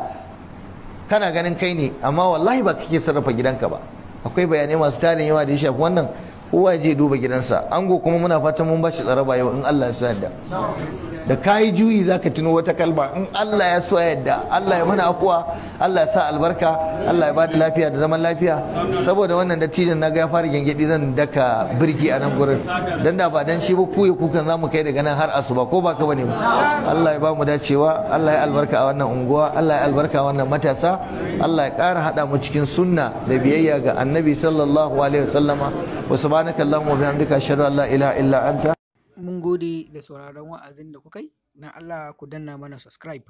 kana ganin kai ne amma wallahi ba kake sarrafa gidanka ba akwai bayanai masu tarin yawa da ya shafi wannan kowa ya je duba gidansa ango kuma muna fata mun bashi tsaraba yau in Allah ya so yadda da kayi juyi zaka tuno wata kalma in Allah ya so yadda Allah ya mana akuwa Allah ya sa albarka Allah ya bada lafiya da zaman lafiya saboda wannan dattijan naga ya fara gengedi zan daka birki a nan gurin dan da ba dan shi ba kuye kukan zamu kai daga nan har asuba ko baka bane Allah ya ba mu dacewa Allah ya albarka a wannan unguwa Allah ya albarka a wannan matasa Allah ya kara hada mu cikin sunna da biyayya ga annabi sallallahu alaihi wasallama wasu subhanaka allahumma wa bihamdika ashhadu an la ilaha illa anta mun gode da sauraron wa'azin da kuka yi na Allah ku danna mana subscribe